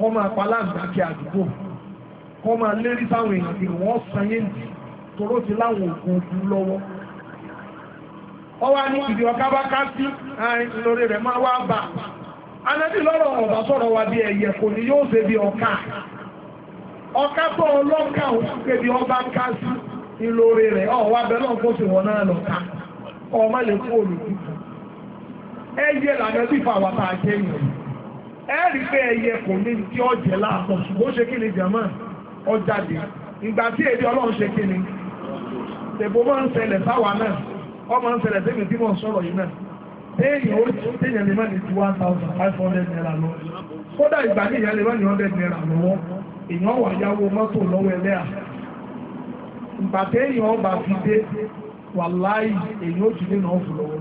kọ́ máa pa láǹdàkì àdúgbò kọ́ máa lérí sáwọn èèyàn pé wọ́n sanyé nì toró ti láwọn òkú ojú lọ́wọ́ ọ wá ní ìdí ọ̀ká bá ká sí lórí rẹ̀ máa wá bà lọ́rọ̀ sọ̀rọ̀ wa bí ẹ̀yẹ̀ kò ní yóò ṣe bí ọ̀ká ọ̀ká tó ọlọ́ka bí ọba ká sí ìlórí rẹ̀ ẹ̀rí ẹyẹ kò ní tí ó jẹ láàpọ̀ ṣùgbọ́n ṣe kí ni jẹ̀mọ́ ọ jáde ìgbà tí èdè ọlọ́run ṣe kí ni ma máa ń ṣẹlẹ̀ sáwà náà ọmọ ń ṣẹlẹ̀ tèmi tí mò sọ̀rọ̀ yìí náà téèyàn ó lè má naira lọ kódà ìgbà ní ìyá lè má naira lọ́wọ́ èèyàn wà yáwó mọ́tò lọ́wọ́ ẹlẹ́à ìgbà téèyàn ọba fi dé wàláì èèyàn ó jù nínú ọ̀fù lọ́wọ́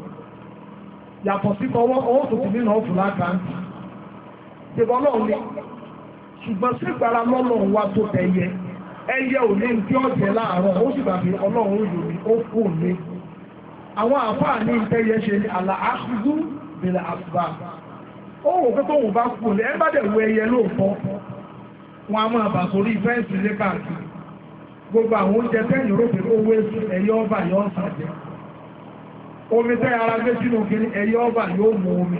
yàtọ̀ sí tọwọ́ ó ṣèbọn náà ni ṣùgbọ́n sí ìgbára lọ́lọ́run wá tó tẹ̀yẹ ẹyẹ ò ní bí ọ̀jẹ̀ láàárọ̀ ó sì gbàgbé ọlọ́run yòó ni ó kú òní àwọn àfáà ní ìtẹ́yẹ ṣe ni àlà áṣùdú bìlà àṣùbà ó wò pé tóun bá kú òní ẹ bá dẹ̀ wo ẹyẹ lóòótọ́ wọn a máa bà sórí fẹ́ǹsì lé káàkiri gbogbo àwọn oúnjẹ tẹ́yìn rògbè owó èso ẹ̀yẹ ọba yóò sàjẹ́ omi tẹ́ ara gbé sínú kiri ẹ̀yẹ ọba yóò mú omi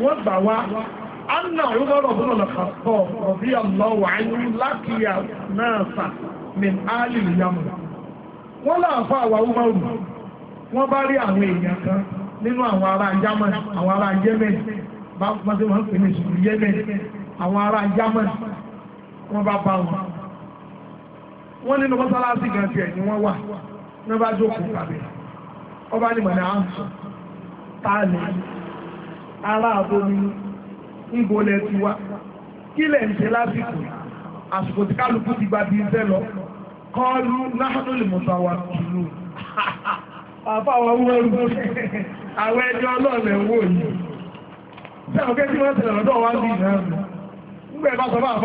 wọ́n gbà wá anna ọ̀rọ̀ bọ́lọ̀ lọ́kàtọ̀ ọ̀bí ọlọ́wà ayú lákìyà náà sà min áàlì ìyàmù wọ́n láàfà àwà wọ́n bá rí àwọn èèyàn kan nínú àwọn ará àwọn ará Yemen bá wọ́n wọ́n pè ní ìṣòro Yemen àwọn ará wọ́n bá bá wọn ara abomi ńgbọ́lẹ̀ ti wá kí lẹ̀ ń ṣe ti gba bí iṣẹ́ lọ kọlu láhánú lè mọ̀tò àwọn àtúnú àfáwọn wọ́rù àwọn ẹni ọlọ́ọ̀lẹ̀ wò yìí sẹ́wọ̀n kẹ́ tí wọ́n ti lọ́dọ̀ wá bí náà nù ńgbẹ́ bá sọ fún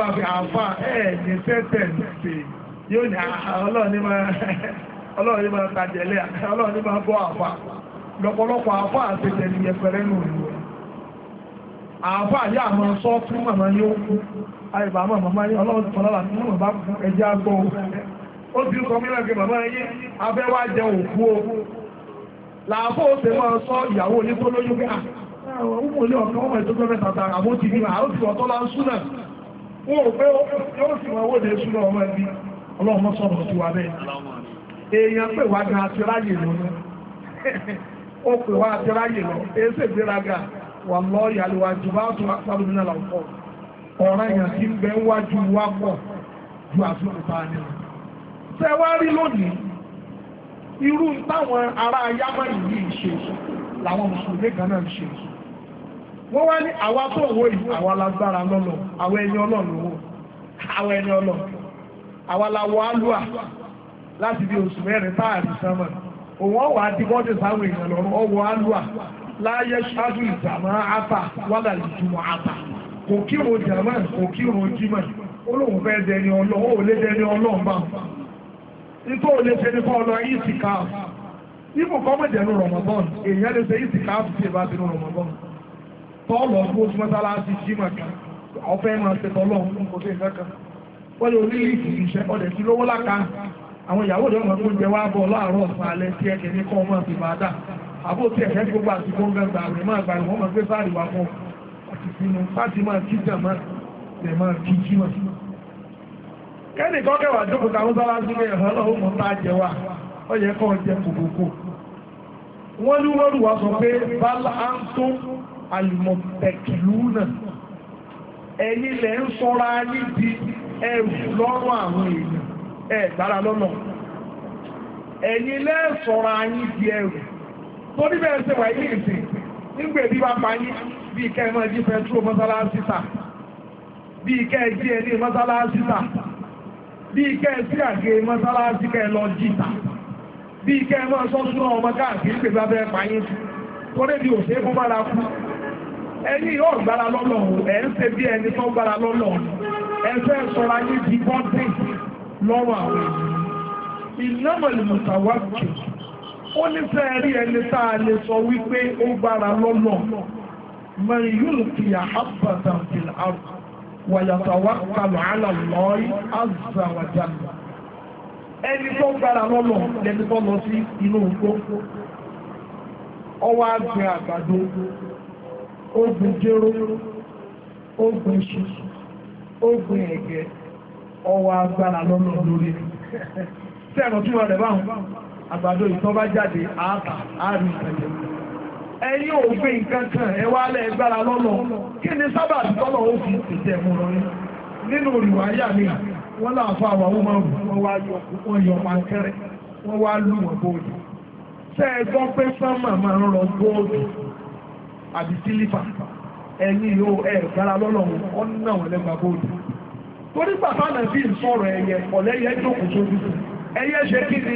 fi àáfà yà àmọ́ sọ fún màmá ní ó kú àìbà àmọ́ màmá ní ọlọ́run tó lọ́la nínú bá kú ẹjẹ́ agbọ́ ó bí kọ mílẹ̀ pé màmá yí abẹ́wà jẹ òkú o làáfà ó sì máa sọ ìyàwó onígbólóyún pé àwọn ọmọ ilé ọ̀kan ọmọ ìtọ́jọ́ mẹ́ta ta àbó ti ní àárò ti ọ̀tọ́ la ń súnà wọn ò pé yóò sì máa wóde súnà ọmọ ẹbí wa bẹ́ẹ̀ èèyàn pè wá gan àti ráyè lónìí ó pè wá àti ráyè lọ èé sì gbéraga wà lọ́ọ̀yà lọ́wájú bá tó àpárò nínú àlàkọ́ ọ̀rọ̀ èèyàn tí ń bẹ ń wájú wá pọ̀ ju àtúntò bá ní lọ. tẹ wá rí lónìí irú táwọn ará yámà yìí ń ṣe làwọn mùsùlùmí kan náà ń ṣe wọ́n wá ní àwa tó wo ìlú àwa lágbára lọ́lọ́ àwa ẹni ọlọ́run àwa ẹni ọlọ́run àwa la alúà láti bí oṣù mẹ́rin táàrí sánmà òun ọ̀wà àti sáwọn èèyàn lọ́rùn ọwọ́ alúà láyé ṣáájú ìjàmọ́ àtà wádà ìjùmọ̀ àtà kò kírò jàmọ́ kò kírò jímọ̀ olóhùn fẹ́ dẹni ọlọ́run ò dẹni ọlọ́run bá nítorí ò lè ṣe ìsìká nípò kọ́ mẹ́jẹ̀nu èèyàn lè ṣe ìsìká àfìsí ìbá sínú rọ̀mọ́bọ́n ọ̀fẹ́ máa ṣe ìfẹ́ kan wọ́n lè orí àbó tí ẹ̀fẹ́ gbogbo àti tó ń gbẹ̀gbà rẹ̀ máa gbà wọ́n máa gbé sáàrì wà fún àti sínú láti máa kí jàmá rẹ̀ máa kí jí mà. kẹ́nì kan kẹwàá jókòó táwọn sára sí ilé ẹ̀họ́ náà ó mọ̀ tá a jẹ wa ó yẹ kọ́ jẹ kòkòkò. wọ́n ní wọ́n wá sọ pé bala á ń tó àlùmọ̀tẹ̀kìlú náà ẹ̀yin lẹ̀ ń sọra níbi ẹrù lọ́rùn àwọn èèyàn ẹ̀ gbára lọ́nà ẹ̀yin lẹ́ sọra yín di ẹrù torí bẹ́ẹ̀ ṣe wà yìí ìsìn nígbè bí bá pa yín bí ìkẹ́ ẹ̀ máa jí pẹ̀tró mọ́sálásí tà bí ìkẹ́ ẹ̀ jí ẹni mọ́sálásí tà bí ìkẹ́ ẹ̀ sí àgé mọ́sálásí kẹ́ ẹ lọ jí tà bí ìkẹ́ ẹ̀ máa sọ sún ọmọ káàkiri pè sábẹ́ pa yín torí bí ò é fún bára kú ẹni yóò gbára lọ́lọ́ ẹ̀ ń ṣe bí ẹni tó gbára lọ́lọ́ ẹ fẹ́ sọra yín di bọ́tì lọ́rùn àwọn ìnáwó ìmọ̀tàwá kìí ó ní fẹ́ rí ẹni tá a lè sọ wípé ó gbára lọ́nà mẹ́rin yóò fi àhábàtà fìlà àrùn wàyàtàwà kàlọ̀ àlàlọ́ọ̀í àzàwàjàlù ẹni tó gbára lọ́nà lẹni tó lọ sí inú ògbó ọwọ́ àgbẹ̀ àgbàdo ogun jéró ogun iṣu ogun ẹ̀gẹ́ ọwọ́ agbára lọ́nà lórí sẹ́ẹ̀rọ̀ tí wọ́n rẹ̀ báwọn àgbàdo ìtọ́ bá jáde àápà àárín ìpẹ̀lẹ̀ ẹ̀yìn òfin nǹkan kan ẹwà alẹ́ gbára lọ́nà kí ni sábà tọ́lọ̀ ó fi ìtẹ̀ mú rọrí nínú ìwáyà mi wọ́n náà fọ́ àwọn ọmọ wọn wá yọ wọ́n yọ pankẹ́rẹ́ wọ́n wá lù wọ́n bóòdù ṣé ẹ gbọ́ pé sánmà máa ń rọ góòdù àbí sílífà ẹ̀yìn yóò ẹ̀ gbára lọ́nà wọn náà wọ́n lẹ́gbàá bóòdù torí pàtàkì bí ìsọ̀rọ̀ ẹ̀yẹ ọ̀lẹ́yẹ jókòó sójú ẹ̀yẹ ṣe kí ni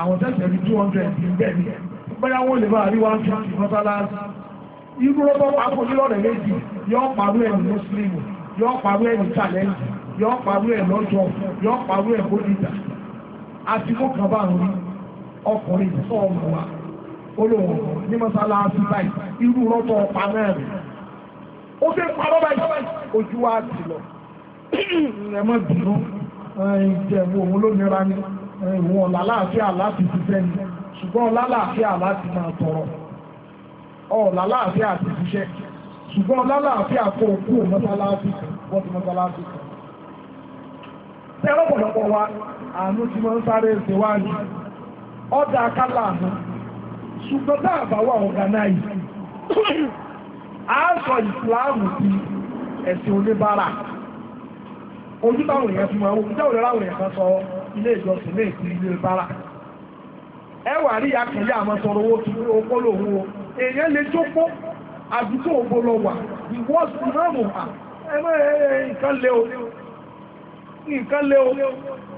àwọn tẹ́sẹ̀ rí 200 ní bẹ́ẹ̀ ni bóyá wọ́n lè máa rí 150 mọ́sálásí irú rọ́bọ́ pápọ̀ nílọ́rẹ̀ méjì yọ́ parú ẹ̀ ní muslim yọ́ parú ẹ̀ ní challenge yọ́ parú ẹ̀ lọ́jọ́ yọ́ parú ẹ̀ bódìjà àti kó kan bá ń rí ọkùnrin sọ́ọ̀mù wa olóhùn ní mọ́sálásí báyìí irú rọ́bọ́ pa náà rẹ̀ ó fẹ́ parọ́ báyìí ojú wa ti lọ ẹ̀mọ́ dùnú ẹ̀jẹ̀ wo òun ló nira ni. ìwọ̀n lati ti ṣiṣẹ́ ni ṣùgbọ́n ọ̀làláàfíà láti máa tọrọ ọ̀làláàfíà ti ṣiṣẹ́ ṣùgbọ́n mọ́sálásí ti mọ́sálásí. wa àánú tí wọ́n ń sáré ṣe wá ní ọjà akálà àná ṣùgbọ́n tá àbá wà ọ̀gánáìsì a sọ ìsìláàmù ti ẹ̀sìn oníbàárà ojú èèyàn fi máa sọ ilé ìjọsìn lè ti ilé bára ẹwà rí akẹ̀lẹ́ àmọ́ sọ̀rọ̀ owó kí owó lòun o èèyàn lè jókòó àdúgbò ògbó lọ wà ìwọ́ ìmáàmù à ẹgbẹ́ nǹkan lé o nǹkan lé o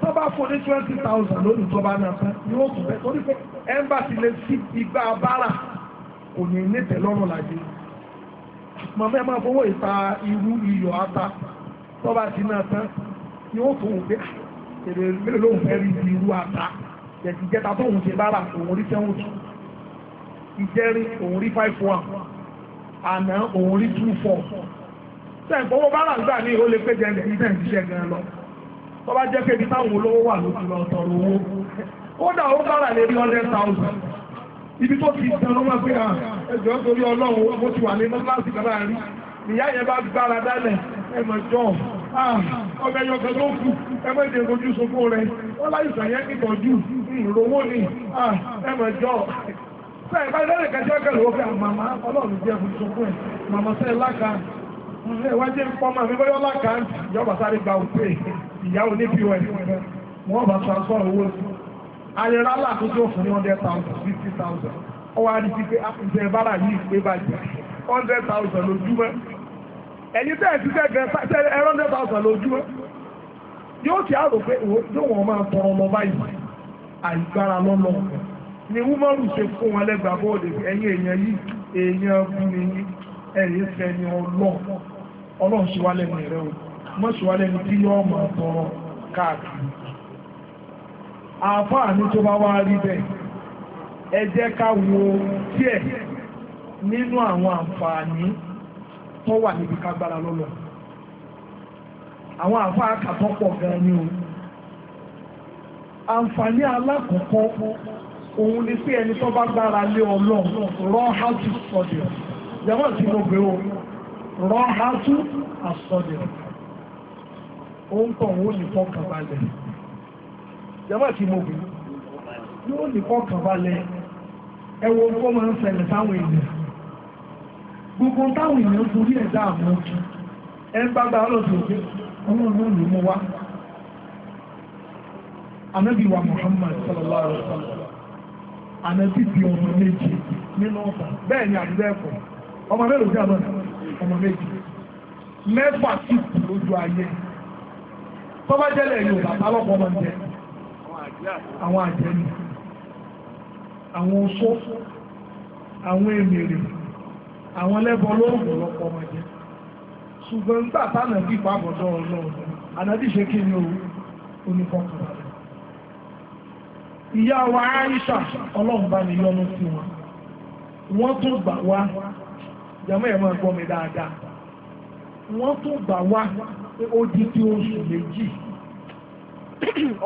tó bá fún ní twenty thousand lónìí tó bá náà tán ni ó tún bẹ́ẹ̀ torí pé ẹ́mbàsì lè sí igba bára kò ní ní tẹ̀lọ́rùn làjẹ́ mọ̀mọ́ ẹ máa fowó ìta irú iyọ̀ ata tó bá ti náà tán ni ó tún wù pé èrè lóhùn fẹ́ rí di irú ata jẹ̀sì jẹta tóhùn ṣe bára òun rí sẹ́wọ̀n oh tù ìjẹ́rí òun rí five one àná òun rí two four sẹ́yìn fọwọ́ bára gbà ní ó lè pé jẹ́ ilẹ̀ ìdẹ́ ìṣiṣẹ́ gan lọ tó bá jẹ́ pé ibi táwọn olówó wà ló ti lọ tọrọ owó ó dà ó bára lè rí hundred thousand ibi tó ti sàn ló máa pé ah, ẹjọ́ torí ọlọ́run ó ti wà ní nọ́ọ̀lá ẹgbẹ̀jọ́ ọgbẹ̀yọ̀kẹ́ ló kù ẹgbẹ̀dẹ̀ ojú sopó rẹ̀ wọ́n láì sàyẹ́ nìtọ́jú ìrówó ni ẹgbẹ̀jọ́ Bẹ́ẹ̀ bá lẹ́rẹ̀ kẹjọ́ kẹlẹ̀ ó fẹ́ àmàmà ọlọ́run jẹ́ fún sopó ẹ̀ màmá sẹ́ láka ẹwájú pọ́mà mi bọ́yọ́ láka ìjọba sáré gba òpè ìyá òní pọ̀ ẹ̀ wọ́n bá transfer owó sí ayẹra aláàkóso fún one hundred thousand fifty thousand ọwọ́ adìsí pé àpùtẹ̀ ah, bára yìí pé bàjẹ́ hundred thousand ẹni tẹ́ ẹ̀ ti tẹ́ gẹ̀ẹ́ ẹ̀rọ hundred thousand lójúmọ́ yóò ti àrò pé yóò máa tọrọ ọmọ báyìí àìgbára lọ́nà ni wúmọ́rù ṣe fún wọn lẹ́gbàá bóòdè èèyàn yìí èèyàn bí ni ọlọ́ọ̀ o mọ́ ṣe wá lẹ́nu tí yóò máa tọrọ káàkiri tó bá wá rí bẹ́ẹ̀ ẹ jẹ́ ká tó wà níbi kágbára lọ́lọ́ àwọn àfáà kàtọ́ pọ̀ gan ni o àǹfààní alákọ̀ọ́kọ́ òun ni pé ẹni tó bá gbára lé ọlọ rọ́hátù sọ́dẹ̀ jẹ́wọ́n tí mo gbé o rọ́hátù àsọdẹ̀ òun tọ̀ òun ní tí mo gbé yóò ní gbogbo táwọn èèyàn torí ẹ̀dá àmọ́ ẹ ń gbágbá ọlọ́dún òkè ọlọ́run ló mú wá anábì wa Muhammad sallallahu alaihi wa sallam anábì bí ọmọ méjì nínú ọ̀tà bẹ́ẹ̀ ni àdúrà ẹ̀kọ́ ọmọ mélòó jẹ́ àbọ̀nà ọmọ méjì mẹ́fà sí lójú ayé tọ́bá jẹ́lẹ̀ yóò bàbá lọ́pọ̀ ọmọ jẹ́ àwọn àjẹ́ ni àwọn oṣó àwọn èmèrè àwọn ẹlẹ́bọ lóògùn lọ́pọ̀ ọmọ jẹ́ ṣùgbọ́n nígbà táwọn ẹbí pàbọ̀dọ̀ ọlọ́run ànábì ṣe kí ni o onífọkànbalẹ̀ ìyá wa Aisha ọlọ́run bá ní yọ́nú sí wọn wọ́n tún gbà wá jàmọ́ ẹ̀ máa gbọ́ mi dáadáa wọ́n tún gbà wá pé ó di tí oṣù méjì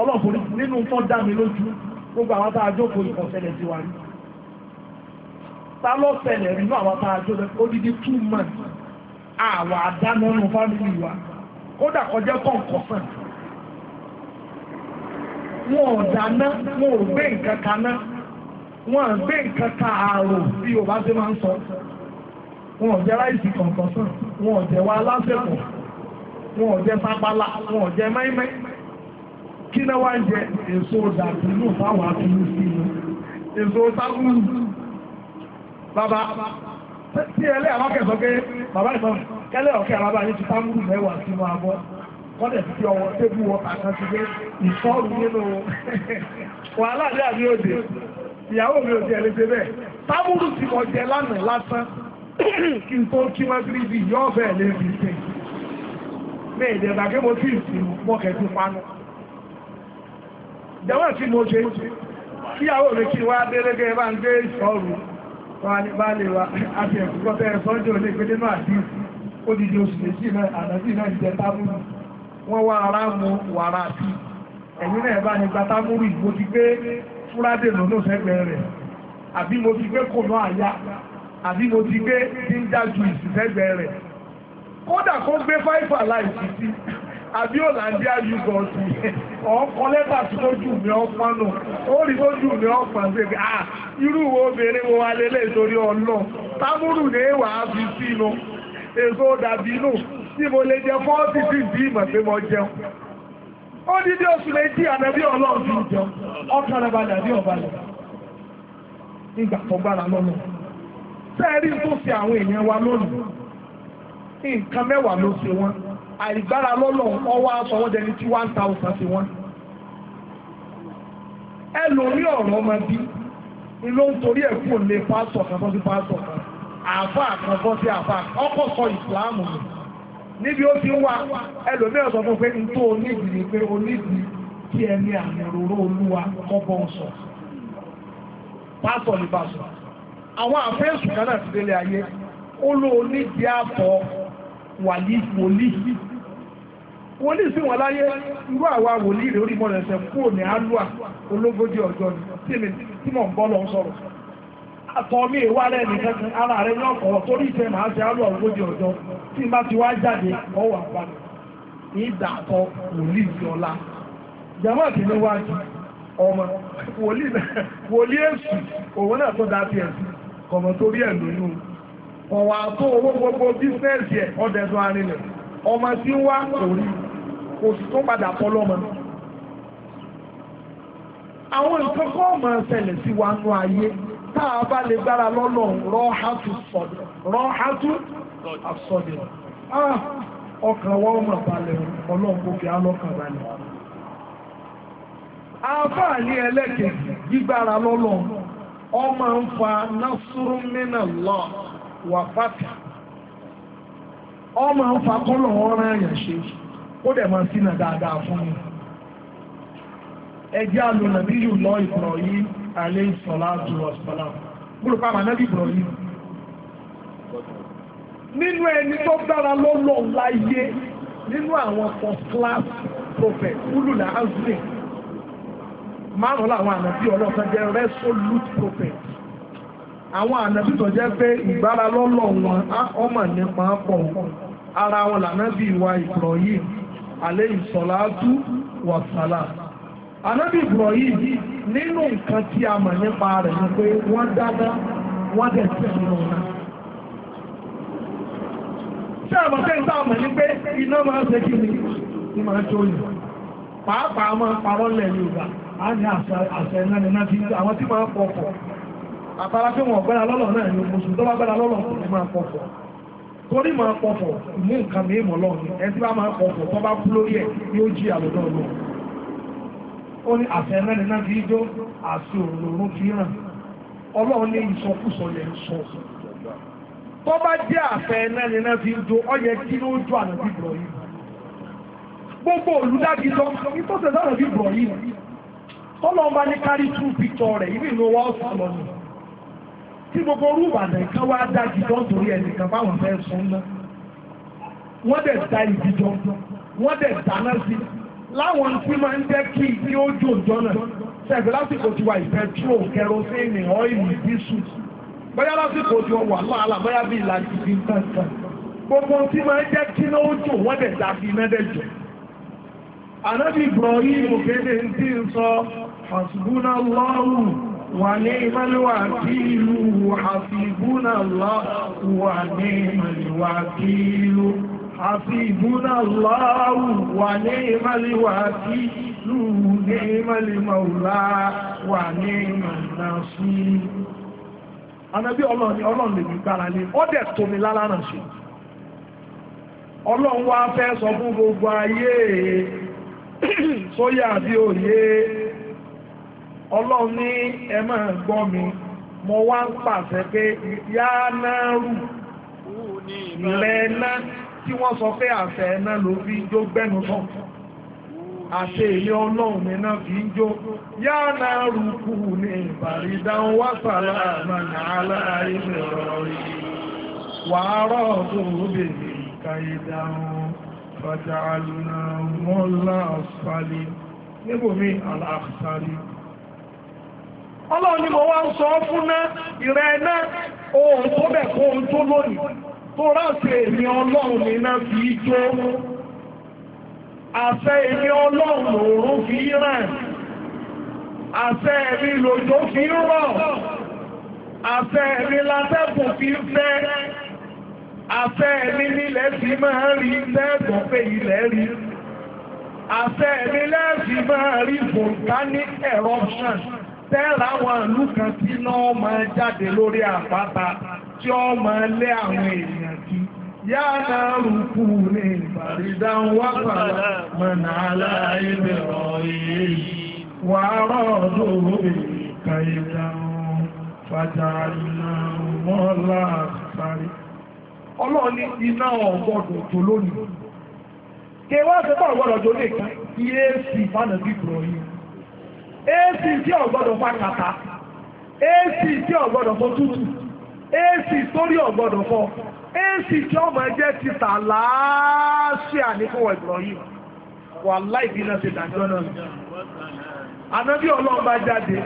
ọlọ́run nínú tó dá mi lójú gbogbo àwọn tá a jókòó ìkọ̀sẹ̀lẹ̀ sí wa rí ta ló ṣẹlẹ̀ nínú àwọn tá a jọ lọ odidi two months àwa àdáná nù fámìlì wa kódà kọjá kọ̀ǹkọ̀sán wọn ò dáná wọn ò gbé nǹkan kaná wọn ò gbé nǹkan ka ààrò bí Yorùbá ṣe máa ń sọ wọn ò jẹ ráìsì kọ̀ǹkọ̀sán wọn ò jẹ wa aláṣẹ̀kọ̀ wọn ò jẹ sápálá wọn ò jẹ mẹ́mẹ́ kí náà wá ń jẹ èso dàbí nù fáwọn àtúnú sí i èso sábúrú bàbá tí ẹlẹ́ àwọn akẹ́sọ pé bàbá ìsọ̀rọ̀ kẹ́lẹ́ ọ̀kẹ́ àbábá ní ti támúrù mẹ́wàá sínú abọ́ kọ́dẹ̀ sí ọwọ́ tébù wọ àkan ti gbé ìsọ́rù nínú wàhálà ní àmì òde ìyàwó mi ò tiẹ̀ lè ṣe bẹ́ẹ̀ támúrù ti mọ̀ jẹ lánàá lásán kí n tó kí wọ́n gírí bí yọ́ bẹ́ẹ̀ lè rí ṣe ní èdè ìdàgé mo tí ìsìn mọ́kẹ̀ẹ́sì panu jẹ́wọ́n tí mo ṣe kíyàwó mi kí wá délégé bá ń gbé ìsọ́rù wọ́n ní bá lè wa àti ẹ̀kùnkọ́ bẹ́ẹ̀ sọ́jọ́ olè pé nínú àdí odidi oṣù méjì náà àdájì náà jẹ tábùrù wọ́n wá ara mu wàrà àti ẹ̀yìn náà bá ní gba tábùrù mo ti gbé fúrádé lónà sẹ́gbẹ̀ẹ́ rẹ̀ àbí mo ti gbé kòló àyà àbí mo ti gbé díńdá ju ìsìsẹ́gbẹ̀ẹ́ rẹ̀ kódà kó gbé fáìfà láì sí sí àbí òlàndíà yúgọ̀ọ̀tì ọ̀ọ́kọ́ lẹ́tà tí ó jù ní ọpọ́n nù ó rí ó jù ní ọpọ́n sí pé à irú wo obìnrin wo wà lélẹ̀ ìtorí ọlọ́ ní fi sínú èso dàbí inú tí mo lè jẹ fọ́ọ̀tì sí ìdí ìmọ̀ pé mo ó ní bí oṣù ọlọ́run ti ọ̀balẹ̀ nígbà tó gbára lọ́nà sẹ́ẹ̀rí tó fi àwọn àìgbára lọ́lọ́ ọwọ́ aṣọwọ́dẹni tí one thousand ti wọ́n ẹlòmí ọ̀rọ̀ ọmọ bí ló ń torí ẹ̀ kúrò lé pásọ̀ kan bọ́ sí pásọ̀ kan àfa kan bọ́ sí àfa ọkọ̀ sọ ìsìláàmù mi níbi ó ti ń wá ẹlòmí ọ̀sọ̀ fún pé nítorí onídìí ni pé onídìí tí ẹni àmì òróró olúwa kọ́bọ̀ ń sọ pásọ̀ ní pásọ̀ àwọn àfẹ́sùn kan náà ti délé ayé ó lóo nídìí àtọ̀ wàlí wòlíì wọ́n ní sí wọn láyé irú àwa wòlíì rẹ̀ orí ẹ̀sẹ̀ kúrò ní ológójì ọjọ́ tí mò ń bọ́ lọ sọ̀rọ̀ àtọ́ mi ìwà rẹ̀ nìkan ara rẹ̀ ní ọkọ̀ torí ìfẹ́ màá ṣe alúà ológójì ọjọ́ tí bá ti wá jáde ọwọ́ àbá ìdàtọ̀ wòlíì jàmọ́ ní torí ẹ̀ lóyún ọ̀wà owó gbogbo ẹ̀ ọmọ kò sì tún padà pọ́ lọ́mọ àwọn nǹkan kọ́ ọmọ ṣẹlẹ̀ sí wa nú ayé tá a bá lè gbára lọ́nà rọ́hátù ah, ọkàn wọn ọmọ balẹ̀ ọlọ́ọ̀gbọ́n fi á lọ́kàn balẹ̀ ẹlẹ́kẹ̀ẹ́ gbígbára lọ́lọ́ ọmọ ń fa násúrú mínà lọ wà pátá ọmọ ń fa kọ́lọ̀ ọ̀rọ̀ àyànṣe ó dẹ̀ máa sínà dáadáa fún ni ẹjẹ́ alùnà bí yù lọ ìbùrọ̀ yìí alẹ́ ìsọ̀lá jùlọ ìsọ̀lá gbúrùpá mànábì ìbùrọ̀ yìí nínú ẹni tó dára lọ́lọ́ láyé nínú àwọn first class prophet ulula azmi márùn láwọn ànàbí ọlọ́sàn jẹ́ resolute prophet àwọn ànàbí tó jẹ́ pé ìgbára lọ́lọ́ wọn á ọmọ nípa pọ̀ ara wọn lànà bí ìwà ìbùrọ̀ yìí alẹ́ ìsọ̀láàtú wàsálà anábì Ibrahim nínú nǹkan tí a mọ̀ nípa rẹ̀ ni pé wọ́n dáná wọ́n dẹ̀ tẹ̀ lọ náà ṣé àmọ́ pé nǹkan àmọ̀ ni pé iná máa ń ṣe kí ni ní máa ń tó yìí pàápàá máa ń parọ́ lẹ̀ Yorùbá á ní àṣẹ náà ní náà fi àwọn tí máa ń pọ̀ pọ̀ àtàrà pé wọ́n gbẹ́ra lọ́lọ́ náà ni mùsùlùmí tó bá gbẹ́ra lọ́lọ́ kò ní máa pọ̀ pọ̀ torí máa pọ̀fọ̀ mú nǹkan mi mọ̀ lọ́wọ́ ni bá máa pọ̀fọ̀ tó bá kú lórí ẹ̀ yóò jí àlọ́dọ̀ lọ. ó ní fi jó àṣẹ òrùn fi hàn ọlọ́run ní ìsọkúsọ lẹ̀ ń sọ. tó bá jẹ́ àṣẹ náà fi jó ọ ye kí ló jó àná gbogbo olùdájí lọ ní tó ṣe sáà bọ̀ yìí. tọ́lọ́ bá ní kárí tú rẹ̀ ìbí ìlú wa tí gbogbo orú ìbàdàn kan wá dájú tó ń torí ẹnìkan báwọn fẹ́ sùn náà wọ́n dẹ̀ da ìbí jọ wọ́n dẹ̀ dáná sí láwọn tí máa ń jẹ́ kí kí ó jò jọ́nà ṣẹ̀fẹ̀ lásìkò tiwa ìpẹ́trò kẹrosíìnì ọ́ìlì dísù bóyá lásìkò tí ó wà láàlà bóyá bí ìlàjì bí nǹkan gbogbo tí máa ń jẹ́ kí ní ó jò wọ́n dẹ̀ dàbí mẹ́dẹ̀jọ. ànábì Ibrahim kéde ń tí sọ àṣùgbọ́n náà lọ́rùn ونعم الوكيل حسبنا الله ونعم الوكيل حسبنا الله ونعم الوكيل نعم المولى ونعم النصير Ànábì ọlọ́run ni ọlọ́run lè gbára lé, ó dẹ̀ tó mi láláràn ṣe. Ọlọ́run wá fẹ́ sọ fún gbogbo ayé, sóyà bí oye. ọlọ́run ní ẹ máa gbọ́ mi mo wá ń pàṣẹ pé yá náà rù lẹ́ẹ̀ná tí wọ́n sọ pé àṣẹ ẹ̀ná ló fi jó gbẹ́nu tán àṣẹ ilé ọlọ́run mi náà fi ń jó yá náà rù kù ní ìbàrídàn wá sàlámà nàálà ilẹ̀ rọrí wàárọ̀ tó bèèrè ìkàyédáhùn fàjà àlùnà mọ́lá ọ̀sálí níbòmí àlàáfàlì ọlọ́run ni mo wá ń sọ fún náà ìrẹ́ náà ohun tó bẹ̀ kó ohun tó lónìí tó ráṣẹ èmi ọlọ́run ní náà fi jó àṣẹ èmi ọlọ́run òórùn fi ràn àṣẹ èmi lòjò fi rọ̀ àṣẹ èmi látẹ́kùn fi fẹ́ àṣẹ èmi nílẹ̀ fi máa rí tẹ́ẹ̀gbọ̀n pé ilẹ̀ rí àṣẹ èmi lẹ́ẹ̀fì máa rí volcanic eruption tẹ́ra àwọn ìlú kan tí náà máa jáde lórí àpáta tí ó máa lé àwọn èèyàn kí yá náà rúkú ní ìbàrídá wà pàlá mọ̀nà aláìbẹ̀ ọlọ́ọ̀ni iná ọ̀gbọ́dọ̀ tó lónìí kí ṣe bá ọ̀gbọ́dọ̀ tó lè ká iye sí fánàbí bùrọ̀ yìí ac tí ọgbọdọ fa kàtà ac tí ọ̀gbọ́dọ̀ fọ tútù ac sórí ọgbọdọ fọ ac tí ọmọ ẹjẹ́ ti tà láàáṣíà ní fún Ibrahim wà láìbí náà ṣe dájọ́ náà ànábí anábí bá jáde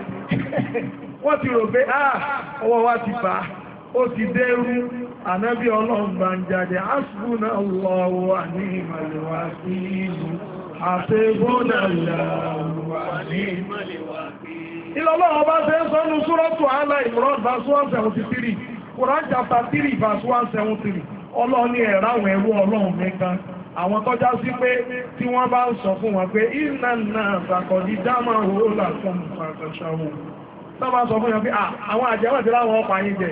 wọ́n ti rò pé ah, ọwọ́ wa ti bá ó ti dẹ́rú ànábí Ìlọ́lọ́wọ́ bá ṣe ń sọ́nú súrọ́tù àálà ìmúràn bá súwọ́n 73, Kùrán jàpá 3 bá súwọ́n 73, ọlọ́ọ̀ni ẹ̀rá àwọn ẹrú ọlọ́run mẹ́kan, àwọn tọ́já sí pé tí wọ́n bá ń sọ fún wọn pé ìrìnà náà sàkọ̀dí dámà owó làtún pàtàṣàwò. Tọ́bá sọ fún wọn pé àwọn àjẹ́wọ̀n ti láwọn ọpa yìí jẹ,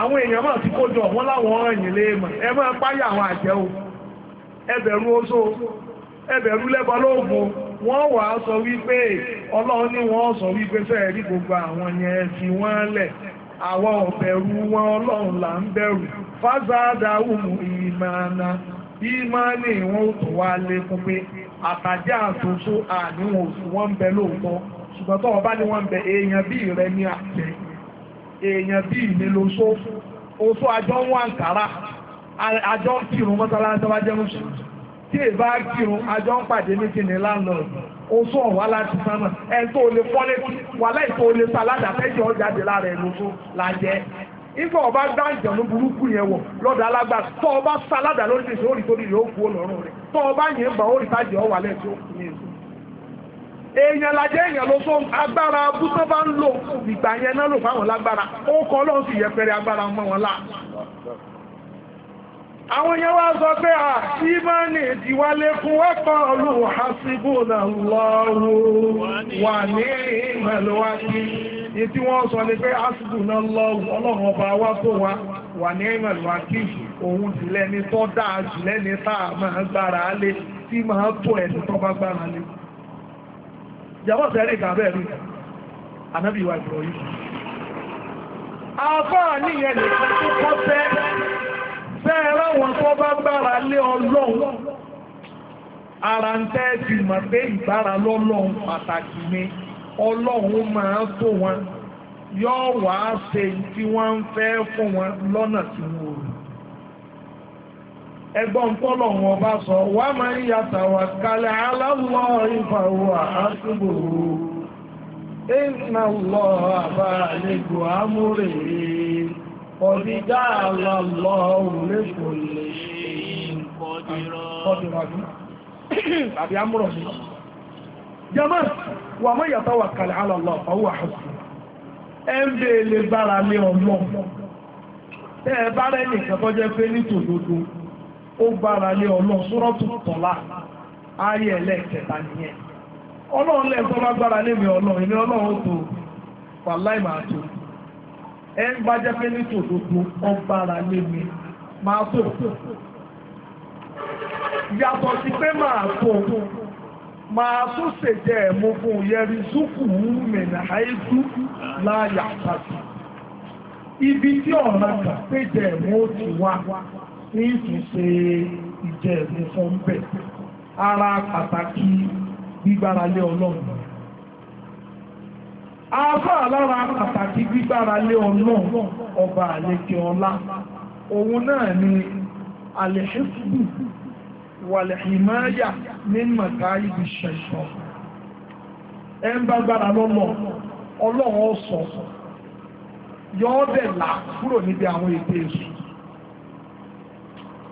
àwọn èèyàn máa ti kójọ wọ́n láwọn ọ̀rìn lé e mọ̀, ẹ ẹbẹ̀rú lẹ́bọ lóògùn wọ́n wà á sọ wípé ọlọ́run ní wọ́n sọ wípé fẹ́ẹ̀ rí gbogbo àwọn yẹn fi wọ́n lẹ̀ àwọn ọ̀bẹ̀rú wọn ọlọ́run là ń bẹ̀rù fásádàwùmù ìmàna ìmánì wọn ò tó wá lékún pé àtàjẹ́ àtúntò àníwọ̀n òsì wọ́n ń bẹ lóòótọ́ ṣùgbọ́n tọ́wọ́ bá ní wọ́n ń bẹ èèyàn bí rẹ ní àtẹ èèyàn bí mi ló só oṣù àjọ ń wà ń kàrà àjọ ń kírun mọ́sálásí wájẹ́ mùsùlùmí tí èbá kírun àjọ ń pàdé méjì ní láńlọ́ọ̀dù oṣù ọ̀wá láti sánà ẹ̀ tó lè fọ́lé wà láì tó lè sàládà fẹ́jì ọ̀jáde lára ọba gbá ìjọ̀nù burúkú yẹn wọ̀ lọ́dọ̀ alágbà tọ́ ọba sàládà lórí ìṣẹ́ orí torí o kú ọlọ́run rẹ̀ tọ́ ọba yẹn bá orí tájì ọwà lẹ́ẹ̀ tí èèyàn èèyàn ló sọ agbára bá ń lò ìgbà yẹn náà lò fáwọn àwọn èèyàn wá sọ pé à tí máa ní ìdíwálé fún wọ́pọ̀ olùwò hasbunallahu wà ní ìmọ̀lúwájú ìtí wọ́n sọ ní pé hasbunallahu ọlọ́run ọba wá tó wá wà ní ìmọ̀lúwájú òun sì lẹ́ni tó dáa jù lẹ́ni tá a máa gbára lé tí máa tó ẹni tó bá gbára lé ìjàbọ̀ sẹ́rẹ̀ ìgbà rí ànábì ìwà ìbọ̀ yìí àfáà níyẹn nìkan fẹ́ẹ̀rẹ́ wọn tó bá gbára lé ọlọ́run ara ń tẹ́ ti mọ̀ pé ìgbára lọ́lọ́run pàtàkì ni ọlọ́run máa tó wọn yóò wá ṣe tí wọ́n fẹ́ fún wọn lọ́nà tí wọ́n rò ẹgbọ́n tọ́lọ̀run ọba sọ wá máa ń yàtà wà kalẹ̀ aláwọ̀ ìfàwọ̀ àtúbòrò ìnà lọ́ọ̀ àbá àlejò amúrèé قد جعل الله لكل شيء قدرا tàbí ní jama wà mọ́ ìyàtọ̀ wà kàlẹ̀ alọ́lọ́ ọwọ́ àṣùsù tó tọ́lá ayé ẹlẹ́ẹ̀kẹta ọlọ́run bá gbára ọlọ́run ọlọ́run tó ẹ ń bá jẹ́ pé ní tòdodo ọgbára lé mi máa tó yàtọ̀ sí pé máa tó máa tó ṣèjẹ́ ẹ̀mú fún yẹrí súkù mẹ́nà àìsú láàyà pàtó ibi tí ọ̀ràn kà péjẹ ẹ̀mú ti wá ní ìtúnṣe ìjẹ́ ẹ̀mú fún bẹ́ẹ̀ ara pàtàkì gbígbára lé ọlọ́run afá lára pàtàkì gbígbára lé ọlọ́run ọba àlejò ọlá òun náà ni alẹ́ṣẹ́fù wàlẹ̀hìmáyà ní màkà ibi ṣẹ̀ṣọ́ ẹ ń bá gbára lọ́nà ọlọ́run ọ̀sọ̀ yọ́ dẹ̀ là kúrò níbi àwọn ètò èṣù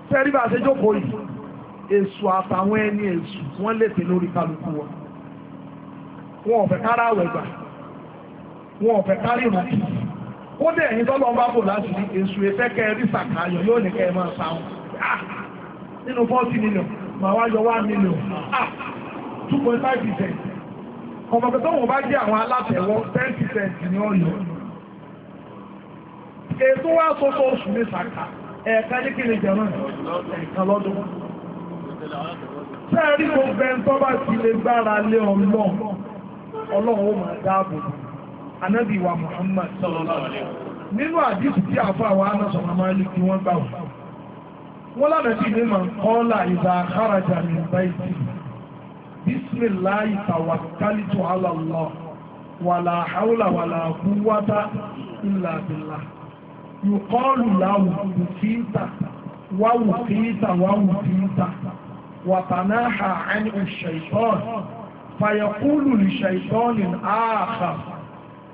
tẹ́rí bá ṣe jókòó yìí èṣù àtàwọn ẹni èṣù wọ́n lè tẹ̀ lórí kálukú wọn wọn ò fẹ́ kára àwẹ̀ gbà wọn ò fẹ́ kárí ìrùn kì ó dé ẹ̀yìn tọ́lọ́ bá bò láti èṣù ìfẹ́kẹ́ rí sàkáyọ̀ yóò ní kẹ́ sáwọn ah! nínú fọ́ọ̀tì mílíọ̀n màá wá yọ ah! àwọn sẹ́ẹ̀rí gbogbo bá ti lè gbára anábì wa Muhammad nínú àdìsí tí àfa wa anásọ̀ máa máa lè kí wọ́n gbà wọ́n wọ́n lánàbí ní màá kọ́lá ìdá àkàràjà ní báyìí bisimilahi tawakkalitu ala Allah wàlà haúlà wàlà kúwátá ìlà billah yùkọ́ọ̀lù láwù kìíta wáwù kìíta wáwù kìíta wàtànáhà àni ìṣẹ̀tọ́ọ̀n fàyẹ̀kúlù ìṣẹ̀tọ́ọ̀n ààkàrà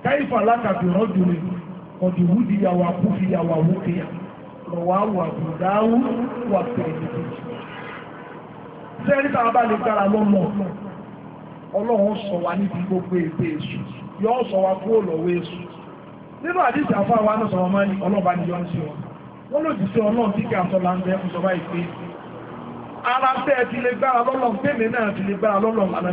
káyífà látàbí rọ́jù rẹ̀ ọ̀dìwú di yàwó àkú fi yàwó àwókè rọ̀wá sẹ́ríta bá gbára lọ́nà ọlọ́run sọ wa níbi gbogbo èdè èṣù yọ́ sọ wa kúrò lọ́wọ́ èṣù nínú àwọn ọmọ ní ọlọ́ba ni yọ́ ń wọ́n lòdì sí ọlọ́run tí kí àtọ́ ìpè ara ti lè gbára náà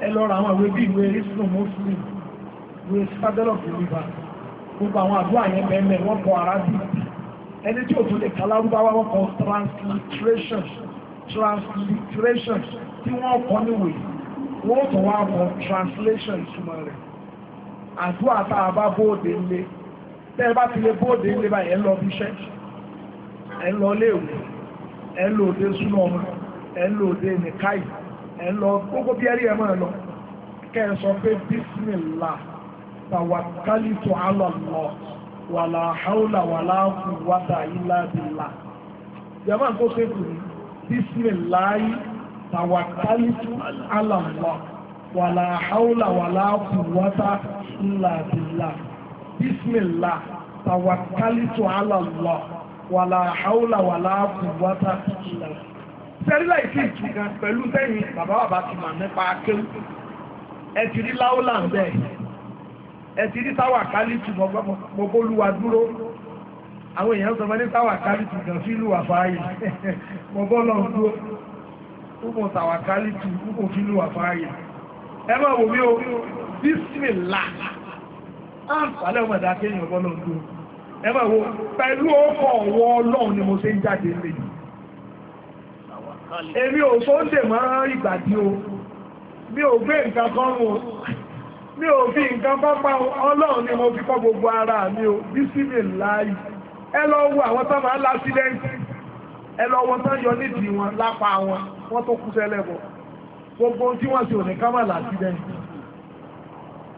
ẹ lọ ra àwọn ìwé bí ìwé islam muslim ìwé citadel of the river gbogbo àwọn àdúrà yẹn mẹ́mẹ́ wọ́n kọ arabic ẹni tí ò tún lè kalárúbáwá wọ́n kọ transliteration transliteration tí wọ́n kọ níwèé wọ́n tún wá kọ translation ìtumọ̀ rẹ̀ àdúrà tá a bá bóde lé tẹ́ ẹ bá ti lè bóde lé báyìí ẹ lọ bí iṣẹ́ ẹ lọ léèwé ẹ lòdè súnmọ́ ẹ lòdè nìkáyìí ẹ lọ gbogbo bí ẹrí ẹ máa lọ kẹ ẹ sọ pé bísímìlà tàwákálítù alọlọ wàlà haúlà wàlà kùwàdà ilà bìlà yàrá tó ṣe kù ní bísímìlà yìí tàwákálítù alọlọ wàlà haúlà wàlà kùwàdà ilà bìlà bísímìlà tàwákálítù alọlọ wàlà haúlà wàlà kùwàdà ilà sẹ́rílẹ̀ ìfì ìtùgàn pẹ̀lú baba bàbá bàbá ti mà nípa akéwù ẹ ti rí láúlà ń bẹ̀ ẹ ti rí táwà kálítù mọ́gbọ́lúwa dúró àwọn èèyàn sọ ní táwà kálítù gan fílù àfáàyè mọ́gbọ́lọ́ dúró púpọ̀ táwà kálítù púpọ̀ fílù àfáàyè ẹ máa wò mí o bísímìlà àǹfààní ọmọ ìdákẹ́yìn ọgbọ́lọ́ dúró ẹ máa wò pẹ̀lú ọkọ̀ ọlọ́run ni mo ṣe ń jáde lẹ́yìn èmi ò tó ń dè mọ́ ìgbàdí o mi ò gbé nǹkan kan rùn o mi ò fi nǹkan pápá ọlọ́run ni mo fi kọ́ gbogbo ara mi o bísímì láàyè ẹ lọ wo àwọn tó máa ń lásídẹ́ǹtì ẹ lọ wo tó ń yọ nídìí wọn lápá wọn wọ́n tó kú sẹ́lẹ̀bọ̀ gbogbo tí wọ́n ti ò ní ká má lásídẹ́ǹtì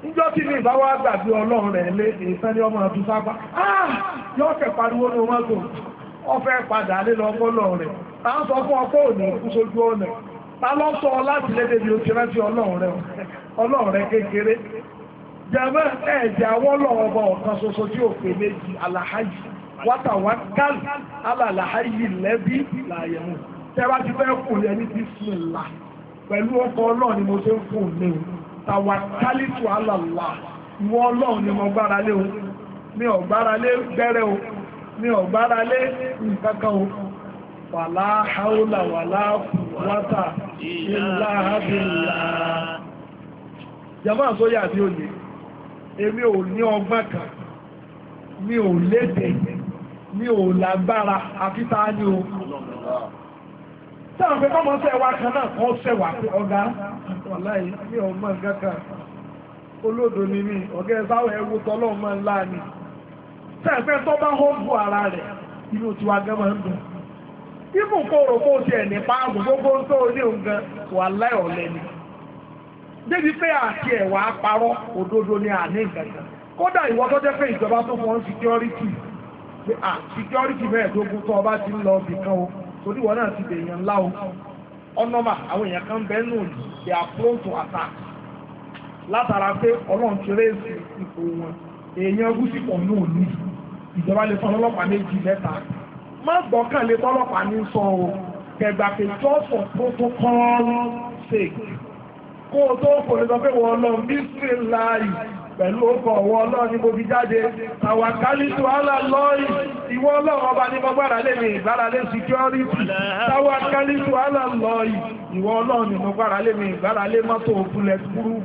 níjọ́ tí ní ìbá wá gbàgbé ọlọ́run rẹ̀ lé èyí tán ni ọmọ ọdún sábà yọ ọ̀kẹ́ pariwo ní ọmọ ọfẹ́ padà nílọ ọpọlọ rẹ̀ ta ń sọ fún ọpọ́ òní kú ọ̀nà ta lọ sọ láti lẹ́dẹ̀ bí o ti rántí ọlọ́run kékeré jẹ́mọ́ ẹ̀jẹ̀ ọba ọ̀kan tí pè méjì aláhájì wátàwákàl alàláhájì lẹ́bí làyẹ̀mú tẹ́wá ti fẹ́ kù yẹ ní bísímìlà pẹ̀lú ọkọ̀ ọlọ́run ni mo ṣe ń fún mi alàlá ìwọ ni mo gbára lé ní ọ̀gbára lé nǹkankan wàlá haúlà wàlá wátà ìlà àbìlà jama tó yà tí ó yẹ èmi ò ní ọgbọ́n kan mi ò lédè mi ò lágbára àfi tá a ní o sáà pé kọ́mọ sẹ́wà kan náà kọ́ sẹ́wà ọ̀gá wàláyé mi ò mọ̀ nǹkan kan olódo ni mi ọ̀gá ẹ̀ sáwọ̀ tọ́lọ́ mọ́ ńlá ni. tẹ́ẹ̀fẹ́ tó bá ara rẹ̀ inú tiwa gẹ́mọ̀ ń dùn ibùn kòrò kó ti nípa gbogbo tó ní nǹkan wà láì ọ̀lẹ́ ni débi pé àti ẹ̀wà parọ́ òdodo ni àní ìgbàgbà kódà ìwọ tó jẹ́ pé security security mẹ́ẹ̀ẹ́dógún tó ọba ti ń lọ o torí wọn náà ti dèèyàn ńlá o ọ̀nọ́mà àwọn èèyàn kan to attack látara pé ọlọ́run ti èèyàn gúúsì pọ̀ náà ní ìjọba lè fọ́n ọlọ́pàá méjì mẹ́ta má gbọ́kàn lè fọ́n ọlọ́pàá ní sọ o kẹgbà pé just for protocol sake kó o tó kò lè pé wọ́n lọ bísí láàyè pẹ̀lú ọkọ̀ ọwọ́ ọlọ́run ní mo fi jáde tàwàkálí tó hálà lọ́ọ̀rì ìwọ ọlọ́run ọba ní mo gbára mi ìgbára lé security tàwàkálí tó hálà lọ́ọ̀rì ìwọ ọlọ́run ní mo gbára mi ìgbára lé mọ́tò bullet proof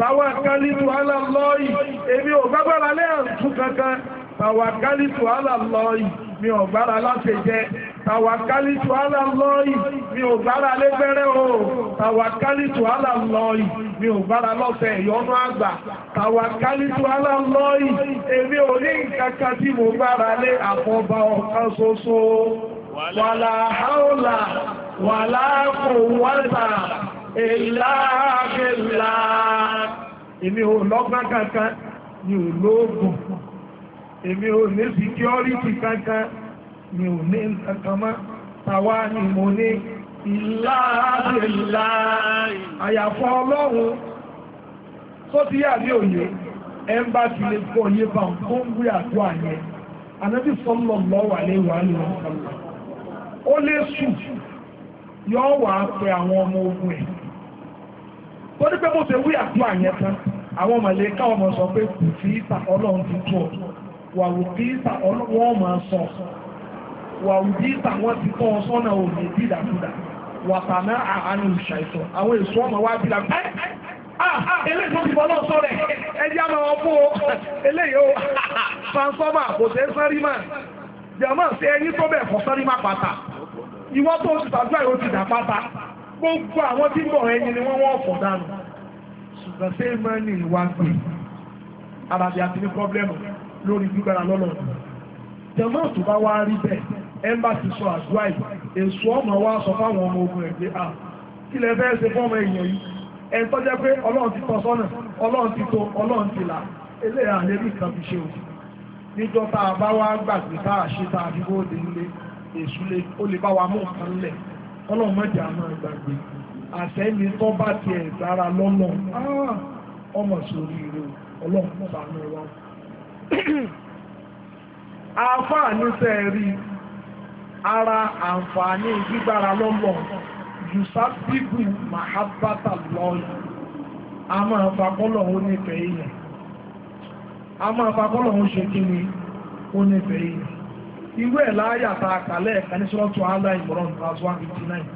tàwàkálìtù alàlọ́ì èmi ò gbágbára lẹ́ẹ̀tù kankan tàwàkálìtù alàlọ́ì mi ò gbára láti jẹ tàwàkálìtù alàlọ́ì mi ò gbára lẹ́gbẹ́rẹ́ o tàwàkálìtù alàlọ́ì mi ò gbára lọ́fẹ̀ ìyọnú àgbà tàwàkálìtù alàlọ́ì èmi ò ní kankan tí mo gbára lé àfọba ọ̀kan ṣoṣo wàlà haúlà ìlàbílà èmi ò lọ́gbọ́n kankan ni ò lóògùn èmi ò ní kankan ni ò ní kankan mọ́ tàwa ni mo ní ìlàbílà àyàfọ́ ọlọ́run tó ti yà ní òye ẹ ti lè gbọ́ yé bá ń tó ń léwà ní tó ní pé mo ṣe wí àdúrà yẹn tán àwọn mọ̀lẹ́ká ọmọ sọ pé kù sí ìta ọlọ́run ti tó wà wù kí ìta wọ́n máa sọ wà wù kí ìta wọ́n ti tọ́ sọ́nà òní dídàkudà wà tàná àánú ìṣàìsàn àwọn èso ọmọ wa bí la pẹ́ eléyìí tó ti bọ́ lọ́sọ rẹ̀ ẹjẹ́ àmọ́ ọkọ́ eléyìí ó transformer kò tẹ́ sáré mà jẹ́mọ́ sí ẹyin tó bẹ̀ kọ́ sáré mà pàtà ìwọ́n tó ti tàdúrà yóò ti dà pàtà gbogbo àwọn tí bọ̀ ẹni ni wọ́n wọ́n fọ̀ dànù ṣùgbọ́n ṣé máa ní ìwà gbé arabi àti ní pọ́blẹ́mù lórí gbígbára lọ́lọ́ tẹ̀mọ́ tó bá wá rí bẹ́ẹ̀ ẹ̀mbà ti sọ àdúrà yìí èso ọmọ wa sọ fáwọn ọmọ ogun ẹ̀gbẹ́ à kí lẹ fẹ́ ṣe fọ́mọ èèyàn yìí ẹ̀ tó jẹ́ pé ọlọ́run ti tọ́ sọ́nà ọlọ́run ti tó ọlọ́run ti là eléyà lẹ́bí kan fi ṣe òfin níjọ́ tá a bá wá gbàgbé tá a ṣe tá a fi bó de nílé èṣù ó lè bá wa mú nǹkan lẹ̀ ọlọ́run mọ́jà máa gbàgbé mi tó bá tiẹ̀ dára lọ́nà ọmọ sórí ire ọlọ́run sànú wa. àǹfààní sẹ́ẹ̀rí ara àǹfààní gbígbára lọ́nà yusafibu mahabata lọ́yìn a máa fa kọ́lọ̀hún nífẹ̀ẹ́ yẹn a máa fa kọ́lọ̀hún ṣe kí ni ó nífẹ̀ẹ́ yẹn irú ẹ̀ láyà tá a kàlẹ́ ẹ̀ka ní sọ́ọ̀tù alá ìmọ̀ràn class one fifty nine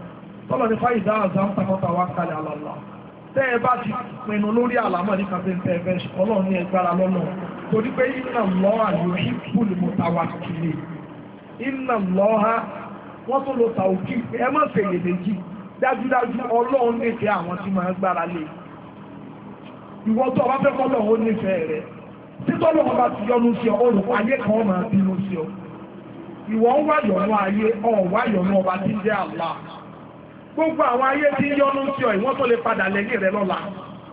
tọ́lọ̀ ní fáyidá àzám takọ́ta wá kalẹ̀ àlàlà tẹ́ ẹ bá ti pinnu lórí àlámọ̀ ní kàfẹ́ tẹ́ ẹ fẹ́ ọlọ́run ní ẹgbára lọ́nà torí pé iná lọ́ha yóò ṣí kúlù mọ́tàwá kìlè iná lọ́ha wọ́n tó lo tàwùkì ẹ má fèrè méjì dájúdájú ọlọ́run nífẹ̀ẹ́ àwọn tí máa gbára lé ìwọ tó ọba fẹ́ kọ́ lọ́run nífẹ̀ẹ́ rẹ̀ títọ́ lọ́run ti yọnu sí ọ olùkọ́ ayé kan máa bínú sí ọ ìwọ ń wá yọ̀nú ayé ọ̀n wá yọ̀nú ọba tí ń jẹ́ Allah gbogbo àwọn ayé tí ń yọnu sí ọ ìwọ́n tó lè padà lẹ́yìn rẹ lọ́la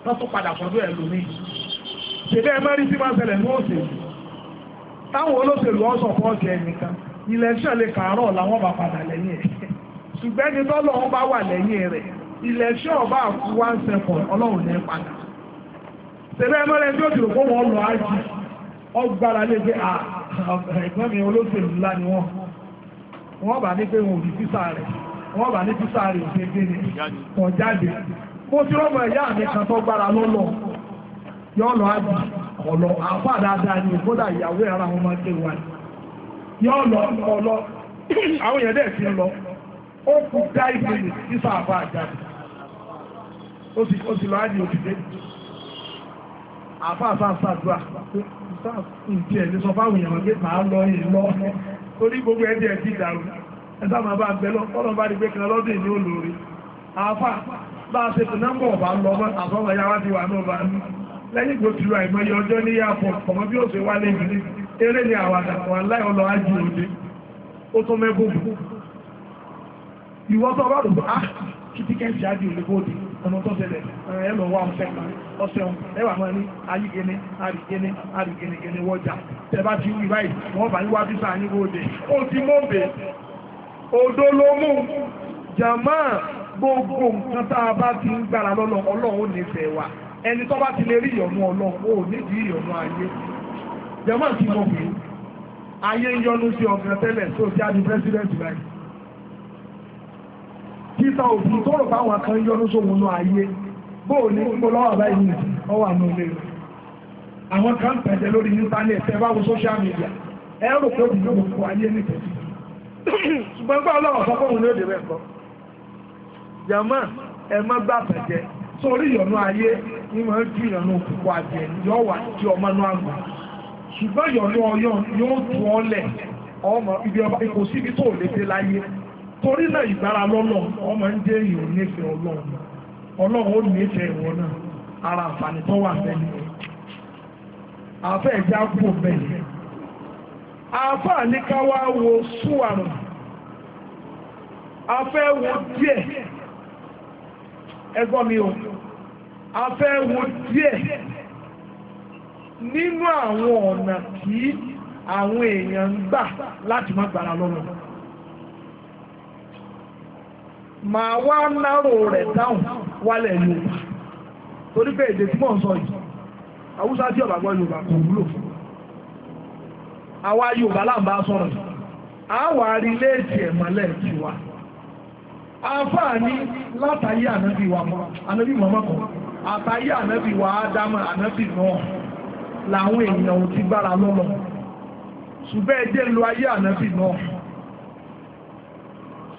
wọ́n tó padà sọ́dọ̀ ẹ̀ lómi ṣẹlẹ̀ mẹ́rin tí máa ṣẹlẹ̀ ní òṣèlú táwọn olóṣèlú ọ̀sọ̀ fọ́ọ̀kì ẹnìkan ilẹ̀ṣẹ̀ lè kàárọ̀ làwọn bá padà lẹ́yìn ẹ̀ ṣùgbẹ́ ni tọ́lọ̀ ń bá wà lẹ́yìn rẹ̀ ilẹ̀ṣẹ̀ ọba àkú wá ń sẹ́kọ̀ọ́ ọlọ́run ní padà ṣẹlẹ̀ mẹ́rin tí ó dìrò kó wọ́n lọ ájì ọgbára lè pé ẹ̀gbọ́n mi olóṣèlú ńlá ni wọ́n wọ́n ní pé wọn ò rí rẹ̀ wọ́n bà ní físà rẹ̀ ṣe gbé ni wọ́n jáde tí ti ẹ̀yà mi kan tó gbára lọ́lọ́ ọ̀lọ́ dáadáa ni ìyàwó ara wọn máa gbé wa ọlọ́ àwọn èèyàn dẹ̀ fi lọ ó kú dá ìgbéyìí físà àbá àjáde ó sì lọ òṣìṣẹ́ àdúrà staff nti ẹ̀ lè sọ fáwọn èèyàn pé màá gbogbo ẹ̀ díẹ̀ ti dàrú ń bẹ lọ kọ́nà bá di lọ́dún ìní olóore àáfà bá a ṣe tó nọ́mbà ọ̀bá lọ mọ́ àtọ́wọ̀ yára ti wà náà bá ní lẹ́yìn tó ti lọ àìmọye ọjọ́ ní yàpọ̀ ọmọ bí ó ṣe wá lẹ́yìn eré ni àwàdà wà láì ọlọ òde ó tún mẹ́bùn ìwọ́tọ̀ bá rò bá kìtìkẹ́ sí ájì ọ̀nà tó tẹ̀lẹ̀ ẹ̀lọ wà ọ̀sẹ̀ kan ọ̀sẹ̀ ọ̀n ẹwà mọ́ ní ayígene arìgene arìgenegene wọ́jà tẹ́bá ti wí báyìí wọ́n bá níwá bísà níwó òde ó ti mọ́bẹ̀ odó ló mú jàmá gbogbo nǹkan tá a bá ti ń gbára lọ́lọ́ ọlọ́run ò ní fẹ́ wa ẹni tó bá ti lè rí ìyọ̀nù ọlọ́run ò nídìí ìyọ̀nù ayé jàmá ti mọ̀ pé ayé ń yọnu sí ọ̀gá tẹ́lẹ̀ tó ti á di pẹ́sidẹ́ntì báyìí títà òfin tó rò fáwọn kan yọnu sóhun náà ayé bóò ní gbogbo lọ́wọ́ báyìí nìyí ọwọ́ àmì olè rẹ̀ àwọn kan pẹ̀lẹ̀ lórí íńtánẹ̀tì ẹ bá wo social media ẹ rò pé òbí yóò gbogbo ayé nìkẹ́sì ṣùgbọ́n gbọ́ ọlọ́wọ́ sọ fóun ní òde rẹ̀ kọ́ jama ẹ má gbà bẹ̀jẹ̀ sórí ìyọnu ayé ní máa ń ju ìyọnu òkùnkù àjẹ yọ wà tí ọmọ náà àgbà ṣùgbọ́n ìyọnu ọyọ yóò tún ọ lẹ̀ ọmọ ibi ọba ipò síbi torí náà ìgbára lọ́lọ́ ọmọ ń jẹ́ èèyàn nífẹ̀ẹ́ ọlọ́run ọlọ́run ó nífẹ̀ẹ́ ìwọ náà ara àǹfààní tó wà bẹ́ẹ̀ yẹn àfẹ́ ẹ̀já kú bẹ́ẹ̀ yẹn àfáà ní ká wá wo súwàrùn afẹ́ wo díẹ̀ ẹgbọ́ mi o afẹ́ wo díẹ̀ nínú àwọn ọ̀nà tí àwọn èèyàn ń gbà láti má gbára lọ́lọ́run. màá wá náró rẹ̀ dáhùn wálẹ̀ Yorùbá torí pé èdè tí mò ń sọ yìí Haúsá tí ọ̀bà gbọ́ Yorùbá kò wúlò àwa Yorùbá là ń bá sọ̀rọ̀ àwa rí léèdì ẹ̀ mọ́lẹ̀ tiwa àfààní látàyé ànábì wa mọ́ àtàyé ànábì wa ádámà ànábì náà làwọn èèyàn ti gbára lọ́lọ́ ṣùgbọ́n ẹ jẹ́ ayé ànábì náà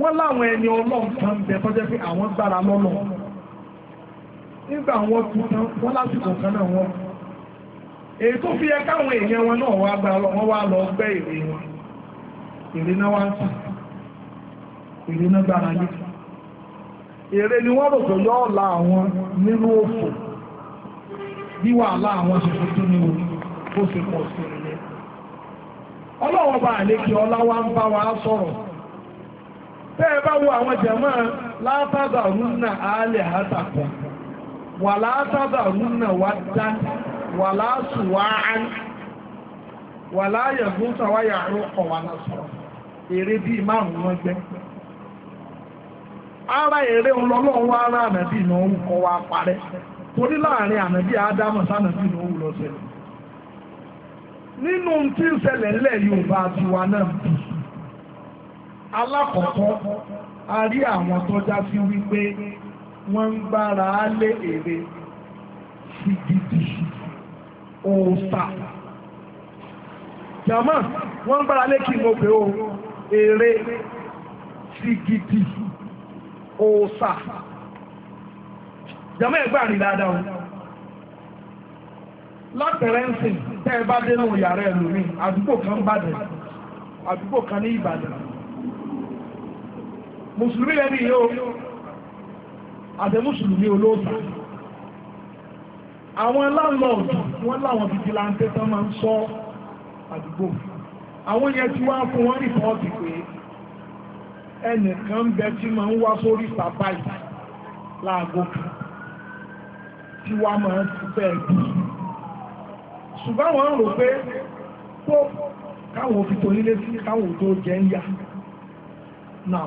wọ́n láwọn ẹni ọlọ́run kan bẹ tọ́jẹ́ pé àwọn gbára lọ́nà nígbà wọn kú tán wọ́n lásìkò kan náà wọ́n èyí tó fi èèyàn wọn náà wá wọ́n wá lọ gbẹ́ èrè wọn èrè náà wá ń tà èrè ni wọ́n àwọn nínú òfò bí wàhálà àwọn ní orí bó ṣe pọ̀ sí ẹ̀yẹ tẹ́ bá wo àwọn jẹ̀mọ́ látàdà rúnà àálẹ̀ àtàkùn wà látàdà rúnà wà dá wà láṣùwáán wà láyẹ̀ fún sàwáyà àrùkọ̀ wà èrè bíi márùn-ún wọn gbẹ́ ara èrè ńlọlọ́run wá ara ànàbí wa parẹ́ torí láàrin ádámọ̀ nínú tí ń ṣẹlẹ̀ alákọ̀ọ́kọ́ a rí àwọn tó já sí wípé wọ́n ń gbára lé èrè ṣìgìdì òòsà jama wọ́n ń gbára lé kí mo pè ó èrè ṣìgìdì òòsà jama ẹ̀gbà rí dáadáa o látẹ̀rẹ́ ń sìn tẹ́ ẹ bá dé náà yàrá ẹ̀lòmíì àdúgbò kan bàdàn àdúgbò kan ní Ìbàdàn mùsùlùmí lẹ́ni yóò àti mùsùlùmí olóòtú àwọn láńlọ́ọ̀dù wọ́n láwọn fìjìláńtẹ́ tán máa ń sọ àdúgbò àwọn yẹn tí wá fún wọn rìpọ́ọ̀tì pé ẹnìkan ń bẹ tí máa ń wá sórí sábà yìí láago kan tí wá máa ń bẹ́ẹ̀ bí ṣùgbọ́n àwọn rò pé tó káwọn òfin tó nílé sí káwọn tó jẹ́ ń yá náà.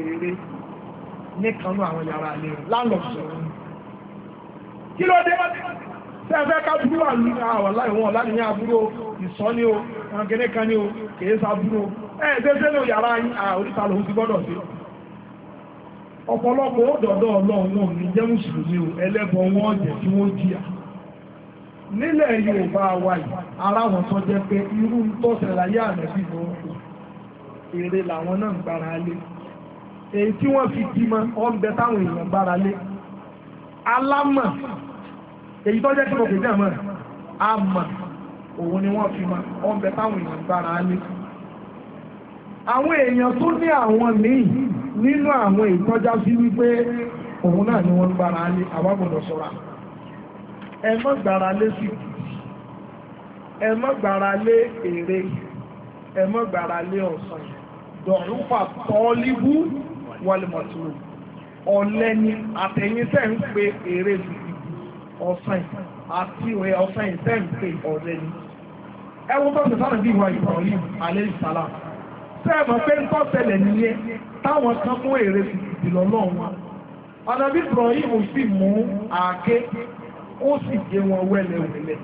eré níkanú àwọn yàrá ilé rẹ̀ láńlọ́ọ̀sọ̀ kí ló dé sẹ́fẹ́ ká burú wà ní láti ní àbúrò ìsọ́ní o ọ̀gẹ́gẹ́ kan ní o kìí sàbúrò ẹ̀ ní yàrá oríta lòun ti gbọ́dọ̀ sí ọ̀pọ̀lọpọ̀ òdọ̀dọ̀ ọlọ́run ní jẹ́ mùsùlùmí o ẹlẹ́bọ wọn jẹ́ tí wọ́n jìyà nílẹ̀ Yorùbá wa yìí ara wọn tó jẹ́ pé irú tọ́sẹ̀ láyé àmẹ́bí èyí tí wọ́n fi bímọ ọ̀nbẹ táwọn èèyàn gbára lé alámọ̀ èyí tó jẹ́ kí mo pè jẹ́ mọ́ àmọ̀ òun ni wọ́n fi mọ ọ̀nbẹ táwọn èèyàn gbára lé àwọn èèyàn tó ní àwọn míì nínú àwọn ìtọ́já sí wípé òun náà ni wọ́n gbára lé àwa gbọ́dọ̀ ṣọ́ra ẹ má gbára lé sí ẹ má gbára lé èrè ẹ má gbára lé ọ̀sán dọ̀rùfà tọ́ọ́líbú wálìmọ̀tìmọ̀ ọ̀lẹ́ ni àtẹ̀yìntẹ́ ń pe èrè fìdí ọ̀sán àti òye ọ̀sán ìtẹ́ ń pe ọ̀lẹ́ ni ẹwọ́n tó ṣe sáré bí ìwà Ibrahim alẹ́ ìsàlá sẹ́ẹ̀mọ̀ pé ń tọ́ ṣẹlẹ̀ nìyẹn táwọn kan mú èrè fìdí lọ́lọ́ wọn ọ̀nà bí Ibrahim sì mú àáké ó sì gé wọn wẹ́lẹ̀wẹ́lẹ̀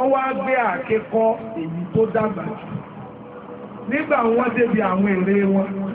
ọwọ́ á gbé àáké kọ́ èyí tó dàgbà jù nígbà wọn débi àwọn èrè wọn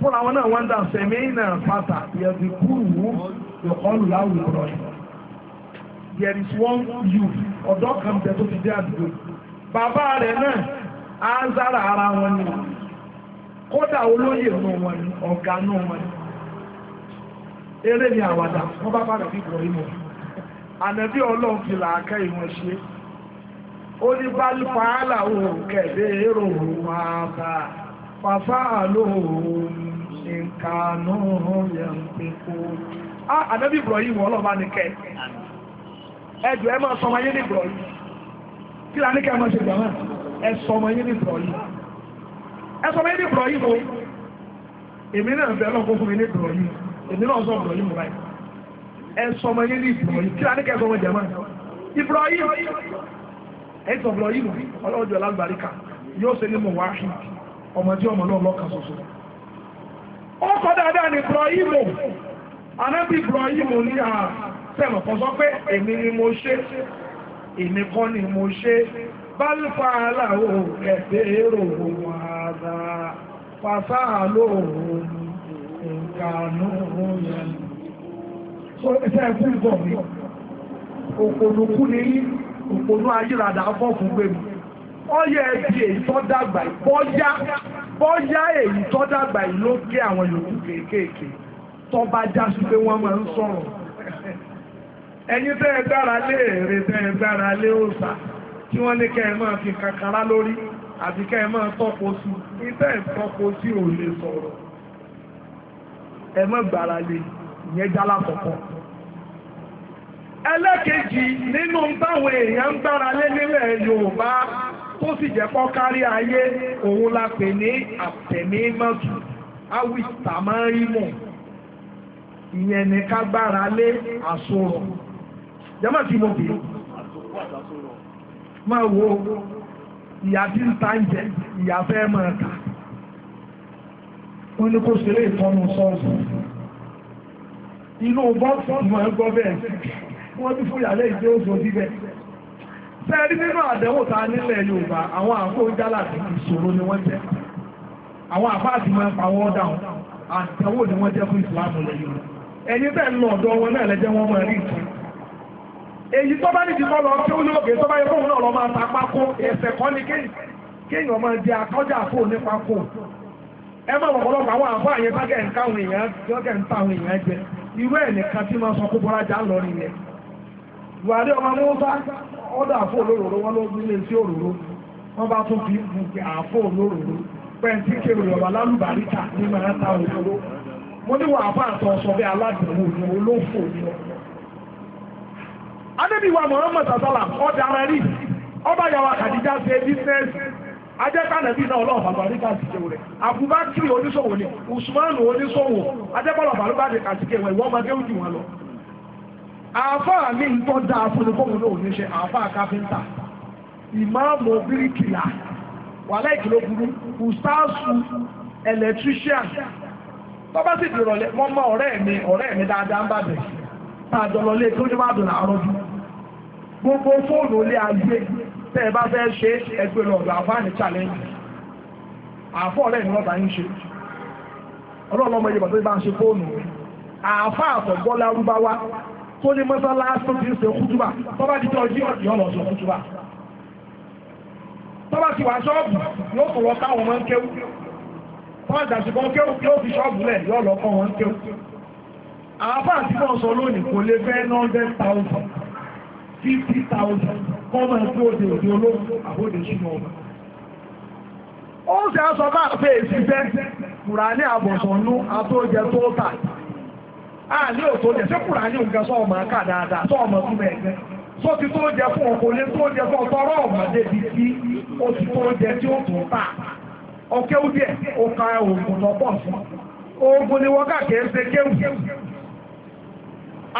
fúnra wọn náà wọ́n dà sẹ̀mí náà pátá yẹ̀dì kúrú ìkọlù láwùjọ yìí there is one youth ọ̀dọ́ kan tẹ̀ tó ti dé àdúgbò bàbá rẹ̀ náà á ń sára ara wọn ni kódà olóyè nù wọn ni ọ̀gá nù wọn ni eré ni àwàdà wọ́n bá bára bí ìbọ̀ ìmọ̀ ànàbí ọlọ́run fi làákà ìwọ̀n ṣe ó ní bá lùpàálà òun kẹ̀lé èrò òun wá bá a fàfáàlóhùn ìkànú yẹn pípò. a ànábì Ibrahim ọlọ́ba ní kẹ́ ẹjọ́ ẹ máa sọmọ yé ní Ibrahim kí la ní kẹ́ ẹ máa ṣe gbà náà ẹ sọmọ yé ní Ibrahim ẹ sọmọ yé ní Ibrahim o èmi náà bẹ̀rẹ̀ lọ́kọ́ fún mi ní Ibrahim èmi náà sọ Ibrahim báyìí ẹ sọmọ yé ní Ibrahim kí la ní kẹ́ ẹ sọmọ jẹ̀mọ́ Ibrahim ẹ sọ Ibrahim ọlọ́jọ́ lágbàríkà yóò ṣe ní mọ̀wáhìdì ọmọdé ọmọ náà lọ́kàn ṣoṣo ó kọ́ dáadáa ní Ibrahimu anábì Ibrahimu ní à sẹ́mọ̀ kan sọ pé èmi ni mo ṣe èmi kọ́ ni mo ṣe bálùfà aláwọ̀ ẹ̀fẹ́ èrò ohun ààrà fàṣáà lóòrùn ìkànnù ohun yẹn so ẹ̀fẹ́ ẹ̀kú ìbọ̀ mi òpònùkú ni òpònù ọyẹ ẹbí èyí tó dàgbà bọ́yá bọ́yá èyí tó dàgbà yìí ló gé àwọn yòókù kéékèèké tó bá já sí pé wọ́n máa ń sọ̀rọ̀ ẹni tẹ́ ẹ gbára lé èrè tẹ́ ẹ gbára lé òòsà tí wọ́n ní kẹ́ ẹ máa fi kankara lórí àbí kẹ́ ẹ máa tọ́po sí i tẹ́ ẹ tọ́po sí ò lè sọ̀rọ̀ ẹ má gbára lé ìyẹn jálá kọ̀ọ̀kan ẹlẹ́kejì nínú táwọn èèyàn ń gbára lé nílẹ̀ Yorùbá tó sì jẹ́ kọ́ kárí ayé òun la pè ní àtẹ̀mímọ́tù awìtàmọ́rímọ̀ ìyẹn ní ká gbára lé àsorọ̀ jẹ́mọ̀ tí mo bèèrè máa wo ìyá tí ń ta ń jẹ ìyá fẹ́ máa kà wọ́n ní kó ṣeré ìtọ́nu sọ́ọ̀sì inú bọ́ọ̀sì máa gbọ́ bẹ́ẹ̀ wọ́n bí fúyàlẹ́ ìdí òṣòdì bẹ́ẹ̀. sẹ́ẹ̀rí nínú àdẹ̀wò ta nílẹ̀ Yorùbá àwọn àfó jálà ti ìṣòro ni wọ́n jẹ́ àwọn àpá àti pa dáhùn àdẹ̀wò ni wọ́n jẹ́ fún ìsìláàmù lẹ̀ Yorùbá ẹni bẹ́ẹ̀ lọ wọn náà lẹ́jẹ́ wọn rí ìtì èyí tó bá kọ́ lọ tí ó tó bá yẹ fóun náà lọ máa ta pákó ẹsẹ̀ kọ́ ni akọ́jà fóun ní pákó ẹ má àwọn ń èèyàn ọ̀dọ̀ àfọ́ olóròró wọ́n ló nílé sí òróró wọ́n bá tún fi mú pé àfọ́ olóròró pẹ̀ntí kèrò ìrọ̀bà lálùbáríkà ní máa òróró mo ní wà fún sọ bí aládùúgbò ní olófò ní ọ. adébíwá Muhammad sasala ọ̀dà rí ọba yàwá kàdíjà ṣe bísínẹ́sì ajẹ́kànàbí náà ọlọ́ọ̀ bàbáríkà rẹ̀ oníṣòwò ni Usman oníṣòwò bàbáríkà rẹ̀ máa wọn lọ àáfàá ní ìtọ́ dá afúnikọ́wò náà ní ṣe káfíńtà ìmáàmù bíríkìlà wàhálà ìkìlọ̀ burú ustaasu electrician tó bá sì dìrọ̀lẹ́ wọ́n mọ ọ̀rẹ́ mi ọ̀rẹ́ mi dáadáa ń bàbẹ̀ e gbogbo fóònù tẹ́ ẹ bá fẹ́ ṣe ẹgbẹ́ lọ́dọ̀ challenge ọ̀rẹ́ mi lọ́ba ṣe ọlọ́run ọmọ tó bá ń ṣe fóònù tó ní mọ́sálásí tó ti ń ṣe kútúbà tọ́bá ti tọ́ jí ọ̀dì ọ̀lọ̀ ṣe kútúbà tọ́bá ti wà ṣọ́ọ̀bù yóò tó lọ káwọn máa ń kéwú wọ́n ìdàṣùgbọ́n kéwú kí ó fi ṣọ́ọ̀bù lẹ̀ yóò lọ kọ́ wọn kéwú àáfà tí wọ́n sọ lónìí kò lè fẹ́ nọ́ọ̀dẹ́ tàùsàn fífí tàùsàn kọ́mọ̀ tí ó dé òde olóògùn àbóde ṣúná ọba ó ń ṣe aṣọ bá fèèsì fẹ́ kùrà ní àbọ̀sọ̀nú àtójẹ tó tà àní ah, òtò jẹ ṣé kùrà ní nǹkan sọ ọmọ ká dáadáa sọ ọmọ tún bẹ ẹgbẹ sọ ti tó jẹ fún ọkọ lé tó jẹ fún ọtọrọ ọmọ débi tí ó ti tó jẹ tí ó tún tà ọkẹ ó díẹ̀ ó ka oògùn tó pọ̀ sí oògùn ni wọn kàkẹ́ ṣe kéwù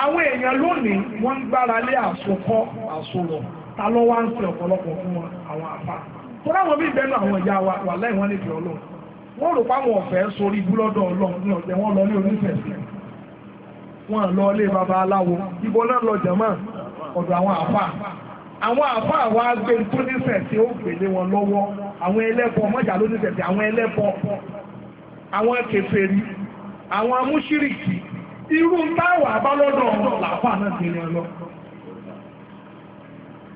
àwọn èèyàn lónìí wọn ń gbára lé àsokọ àsorọ ta ló wá ń ṣe ọ̀pọ̀lọpọ̀ fún wọn àwọn àfa tó láwọn bí bẹnu àwọn ìyá wa wà láì wọn níbi Ọlọ́run wọn rò pé àwọn ọ̀fẹ́ sórí búlọdọ Ọlọ́run ní ọjọ́ wọn lọ ní onífẹsẹ wọ́n lọ ilé baba aláwo ibo náà lọ jẹ̀mọ́ ọ̀dọ̀ àwọn àfà àwọn àfà wa gbé tó nífẹ̀ẹ́ tí ó gbèlé wọn lọ́wọ́ àwọn ẹlẹ́bọ mọ́jà ló nífẹ̀ẹ́ tí àwọn ẹlẹ́bọ àwọn kèfèrí àwọn amúṣírìkì irú táwà abálọ́dọ̀ làfà náà ti rìn lọ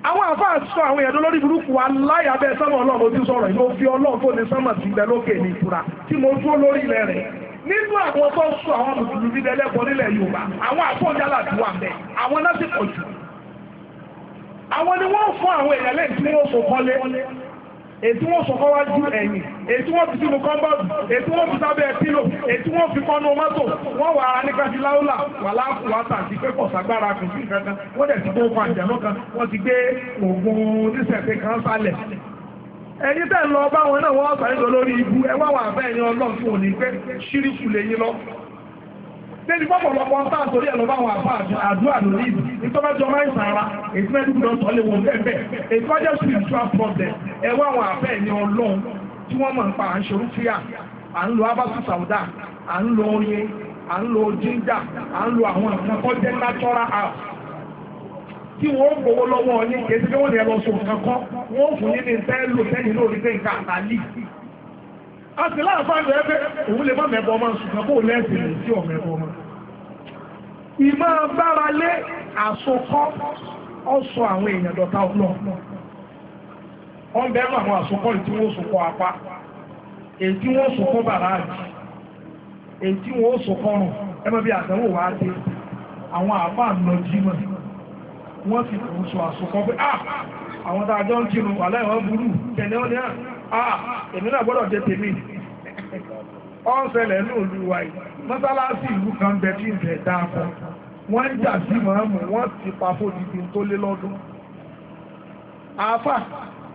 àwọn àfáà sọ àwọn èèyàn lórí burúkú wa láyàbẹ̀ sọ́mọ̀ ọlọ́run ojú sọ̀rọ̀ ìlú fi ọlọ́run tó ní sọ́mọ̀ sí ibẹ̀ lókè ní ìtura tí mo dúró lórí ilẹ̀ rẹ̀ nínú àwọn tó ń sọ àwọn mùsùlùmí lẹ́lẹ́gbọ́n nílẹ̀ Yorùbá àwọn àfọ́njálà ti wà bẹ́ẹ̀ àwọn náà ti pọ̀ jù àwọn ni wọ́n fún àwọn èèyàn lẹ́yìn tí wọ́n sọ kọ́lé ètí wọ́n sọ kọ́wá ju ẹ̀yìn ètí wọ́n fi sínú kọ́mbọ̀dù ètí wọ́n fi sábẹ́ pílò ètí wọ́n fi kọ́nu mọ́tò wọ́n wà nígbàtí láúlà wà láàkùwátà àti pépọ̀ sagbára kùn sí kankan wọ́n dẹ̀ ti gbó àjẹ́ lọ́kan wọ́n ti gbé oògùn oníṣẹ̀fẹ́ kan sálẹ̀ ẹ̀yin tẹ́ lọ bá wọn náà wọ́n ọ̀sà nílò lórí ibu ẹwà wà ọlọ́run tó ní pé ṣíríkù lè lọ lẹ́ni pọ́pọ̀lọpọ̀ ń tàn bá wọn àdúrà lórí ibu ìtọ́bájọ́ máa ń sàárà èyí mẹ́rin lè wọ́n bẹ́ẹ̀ tí wọ́n mọ̀ pa tí wọ́n gbowó lọ́wọ́ ní kèsí pé wọ́n lè lọ sọ nǹkan kọ́ wọ́n fún yín ní tẹ́lù lórí pé nǹkan àtàlì a sì láàfáà rẹ̀ pé òun lè má mẹ́bọ̀ ọmọ ṣùgbọ́n kó lẹ́sìn ní sí ọ̀mẹ́bọ̀ ọmọ ìmọ̀ bára lé àwọn wọ́n sì kò sọ àsọ̀kan pé ah, àwọn tá a jọ ń kírun wà láìwọ́ burú tẹ̀lé ọ́ ní à ah, ah, èmi náà gbọ́dọ̀ jẹ́ tèmi ọ́ ń ṣẹlẹ̀ ní olúwa yìí mọ́sálásí ìlú kan bẹ tí ń bẹ dáàbọ̀ wọ́n ń jà sí màámù wọ́n ti pa fódìdì tó lé lọ́dún àáfà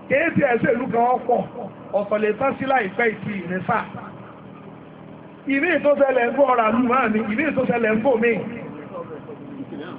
kéèsì ẹ̀sẹ̀ ìlú kan ọ̀pọ̀ ọ̀sọ̀ lè tán sí láìpẹ́ ìtì ìrẹsà ìní ìtòsẹ̀lẹ̀ ń bọ̀ ọ̀rà lù máa ní ìní ìtòsẹ̀lẹ̀ ń bò míì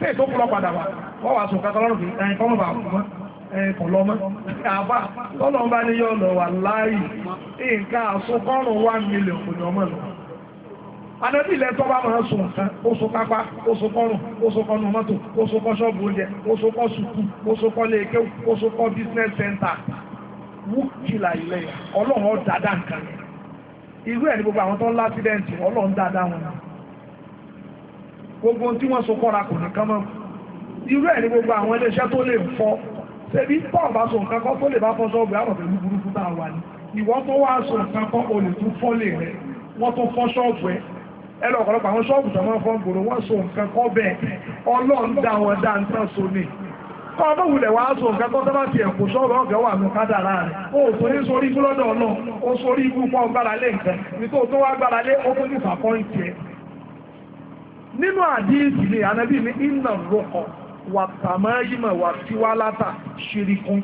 ṣe tó kúrọ padà wà wọ́n wà sùn kátà lọ́rùn ẹ̀yìn kọ́mọ̀ bà mọ́ ẹ̀kọ̀ lọ́mọ́ àbá tọ́lọ̀ bá ní yọ́ lọ wà láàyè nǹkan àsokọ́rùn one million kò ní ọmọ lọ anábì ilẹ̀ tó bá máa sùn nǹkan ó so pápá ó so kọ́rùn ó so kọ́nu mọ́tò ó so kọ́ ṣọ́ọ̀bù oúnjẹ ó so kọ́ sùkú business center wúkìlà ilẹ̀ ọlọ́run ọ̀ dáadáa gbogbo àwọn tó ń lásídẹ̀ǹtì ọlọ́run wọn náà gbogbo tí wọ́n so kọ́ra kò nǹkan mọ́ irú ẹ̀ ní gbogbo àwọn iléeṣẹ́ tó lè fọ́ ṣebí pọ́ọ̀ bá so nǹkan kọ́ tó lè bá fọ́ sọ́ọ̀bù àwọn pẹ̀lú burúkú bá wà ní ìwọ́n tó wá so nǹkan kọ́ o lè tún fọ́ lè rẹ̀ wọ́n tó fọ́ ṣọ́ọ̀bù ẹ̀ ẹlọ ọ̀pọ̀lọpọ̀ àwọn ṣọ́ọ̀bù tó máa fọ́ gbòòrò wọ́n so nǹkan kọ́ bẹ́ẹ̀ ọlọ́run dá wọn dá ń tán so ní ọmọ wulẹ̀ wá so nǹkan kọ́ tó ti ẹ̀kọ́ ṣọ́ọ̀bù ọ̀gẹ́ wà ní kádàrá rẹ̀ ó sorí sorí ibú lọ́dọ̀ ọlọ́run ó sorí ibú pọ́ gbára lé nǹkan nítorí tó wá gbára lé ó tó ní fàkọ́ǹtì ẹ̀ nínú àdíìsì ni ànábì ní iná rọkọ̀ wà tàmáyímọ̀ wà tíwálátà ṣirikun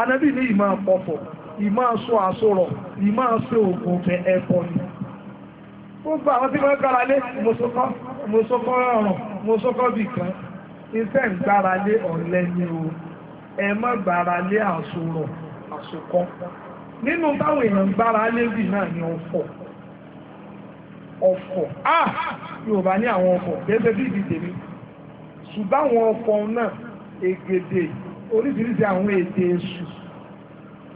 ànábì ní ìmọ̀ àpọ̀pọ̀ ìmọ̀ aṣọ àṣọrọ̀ ìmọ̀ aṣọ ògùn fẹ́ ẹ̀pọ̀ ni. ó gba àwọn tí wọ́n gbára lé mọ̀sọ́kọ́ ọ̀ràn mọ̀sọ́kọ́ bì kan ni o ẹ má gbára ni ọ̀fọ̀ ọkọ̀ á ah! yorùbá ní àwọn ọkọ̀ gẹ́gẹ́ bí ìdíje mi ṣùgbọ́n àwọn ọkọ̀ náà ègèdè oríṣiríṣi àwọn èdè èṣù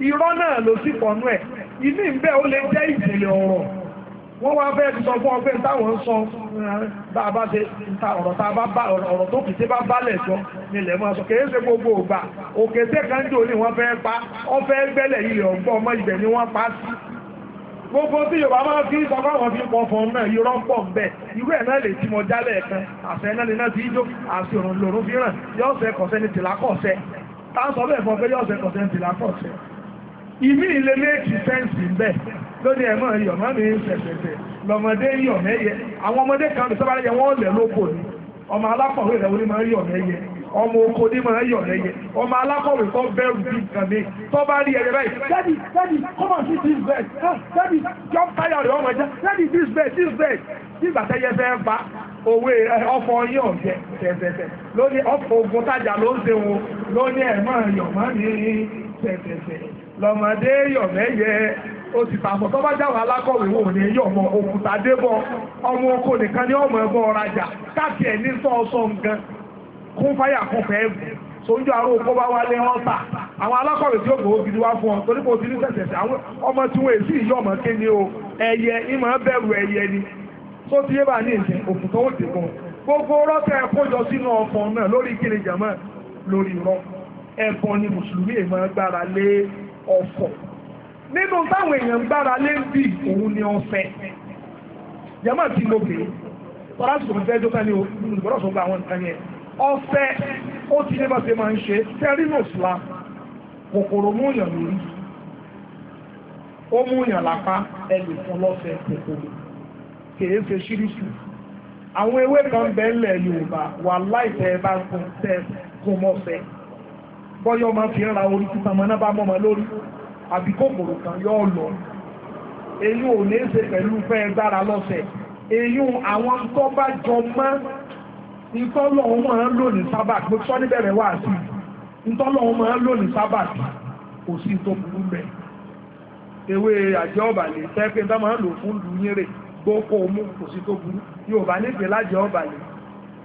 irọ́ náà ló sì pọ̀nú ẹ̀ inú ìbẹ́ ó lè jẹ́ ìjìnlẹ̀ ọ̀rọ̀ wọ́n wá fẹ́ ti sọ fún ọgbẹ́ táwọn ń sọ eh, ọ̀rọ̀ tó kìí bá bálẹ̀ jọ nílẹ̀ máa sọ kìí ṣe gbogbo ògbà òkè tẹ́kàndò ní wọ́n fẹ́ pa ọ fẹ́ gbẹ́lẹ̀ ilẹ̀ ọgbọ́ ọmọ ibẹ̀ ni wọ́n pa sí gbogbo tí Yorùbá máa fi sọpá wọn fi pọ̀ fún náà yóò rán pọ̀ bẹ́ẹ̀ irú ẹ̀ náà lè tí mo jálẹ̀ ẹ̀kan àṣẹ náà lè náà ti ijó àti òrùn lòrùn fi ràn yọ́ọ̀sẹ̀ kọ̀sẹ́ ni tìlákọ̀ọ̀sẹ̀ tá a sọ bẹ́ẹ̀ fún ọgbẹ́ yọ́ọ̀sẹ̀ kọ̀sẹ́ ni tìlákọ̀ọ̀sẹ̀ ìmí ilé méjì fẹ́ǹsì ń bẹ̀ lórí ẹ̀mọ́ ìyọ̀ máa mi ń ṣẹ̀ṣẹ̀ṣẹ̀ lọ́mọdé yọ̀ mẹ́yẹ àwọn ọmọdé kan lè sábà yẹ ọmọ oko ní máa yọ̀ lẹ́yẹ ọmọ alákọ̀wé tó bẹ̀rù bí nǹkan mi tó bá rí ẹyẹ báyìí daddy daddy come on see this bird ah, daddy jump tire rẹ̀ ọmọ ẹja daddy this bird this bird nígbà tẹ́yẹ fẹ́ pa owó ọkọ̀ yín ọ̀jẹ̀ tẹ̀tẹ̀tẹ̀ lóní ọkọ̀ ogun tájà ló ń sehun lóní ẹ̀mọ́ yọ̀mọ́ ní tẹ̀tẹ̀tẹ̀ lọ́mọdé yọ̀mẹ́yẹ ó ti tàbọ̀ tó bá jáwọ́ alákọ̀wé wò ní yọ̀mọ̀ òkúta débọ̀ ọmọ oko nìkan ní ọmọ ẹ̀bọ̀ ọ̀rajà káàkiri ẹ̀ ní sọ́ọ̀sọ́ nǹkan kún fáyà kún fẹ́ẹ́ sojú àrò òkú bá wá lé wọn tà àwọn alákọ̀wé tí ó gbòó gidi wá fún ọ torí kò sí ní sẹ̀sẹ̀ àwọn ọmọ tí wọ́n èsì ìyọ́ ọmọ ké ní o ẹyẹ ìmọ̀ bẹ̀rù ẹyẹ ni tó ti yé bá ní ìsìn òkú tó ti gùn gbogbo rọ́tẹ̀ kójọ sínú ọkọ̀ náà lórí kíni jẹ̀mọ́ lórí rọ ẹ̀bọ ni mùsùlùmí èèmọ̀ gbára lé ọ̀fọ̀ nínú táwọn èèyàn gbára lé ń bì òun ni ọ̀fẹ́ jẹ̀mọ́ tí mo bèè tọ́lá sọ̀rọ̀ fẹ́ jókòó ní o gbọ́dọ̀ sọ̀rọ̀ àwọn nǹkan yẹn ọfẹ́ ó ti lébà ṣe máa ń ṣe tẹ́rínù islam kòkòrò múyàn lórí ó múyàn lápá ẹnì fún lọ́fẹ́ kòkòrò kèé ṣe ṣíríṣù àwọn ewé kan bẹ́ẹ̀ lẹ̀ yorùbá wà láìpẹ́ bá kún tẹ́ kún mọ́fẹ́ bọ́yọ́ máa fi ń ra orí títa mọ́ náà bá mọ́ mọ́ lórí àbí kòkòrò kan yọ́ lọ èyí ò ní ṣe pẹ̀lú fẹ́ gbára lọ́sẹ̀ èyí àwọn tó bá jọ mọ́ ntọlọ máa ń lò ní sábà mo sọ níbẹ̀rẹ̀ wá sí ìtọ́lọ́hún máa ń lò ní sábà kò sí tó burú bẹ́ẹ̀ ewé àjọ ọ̀bàlẹ̀ tẹ́pẹ́ tó máa ń lò fún gbókò mú kò sí tó burú nígbè ọ̀bàlẹ̀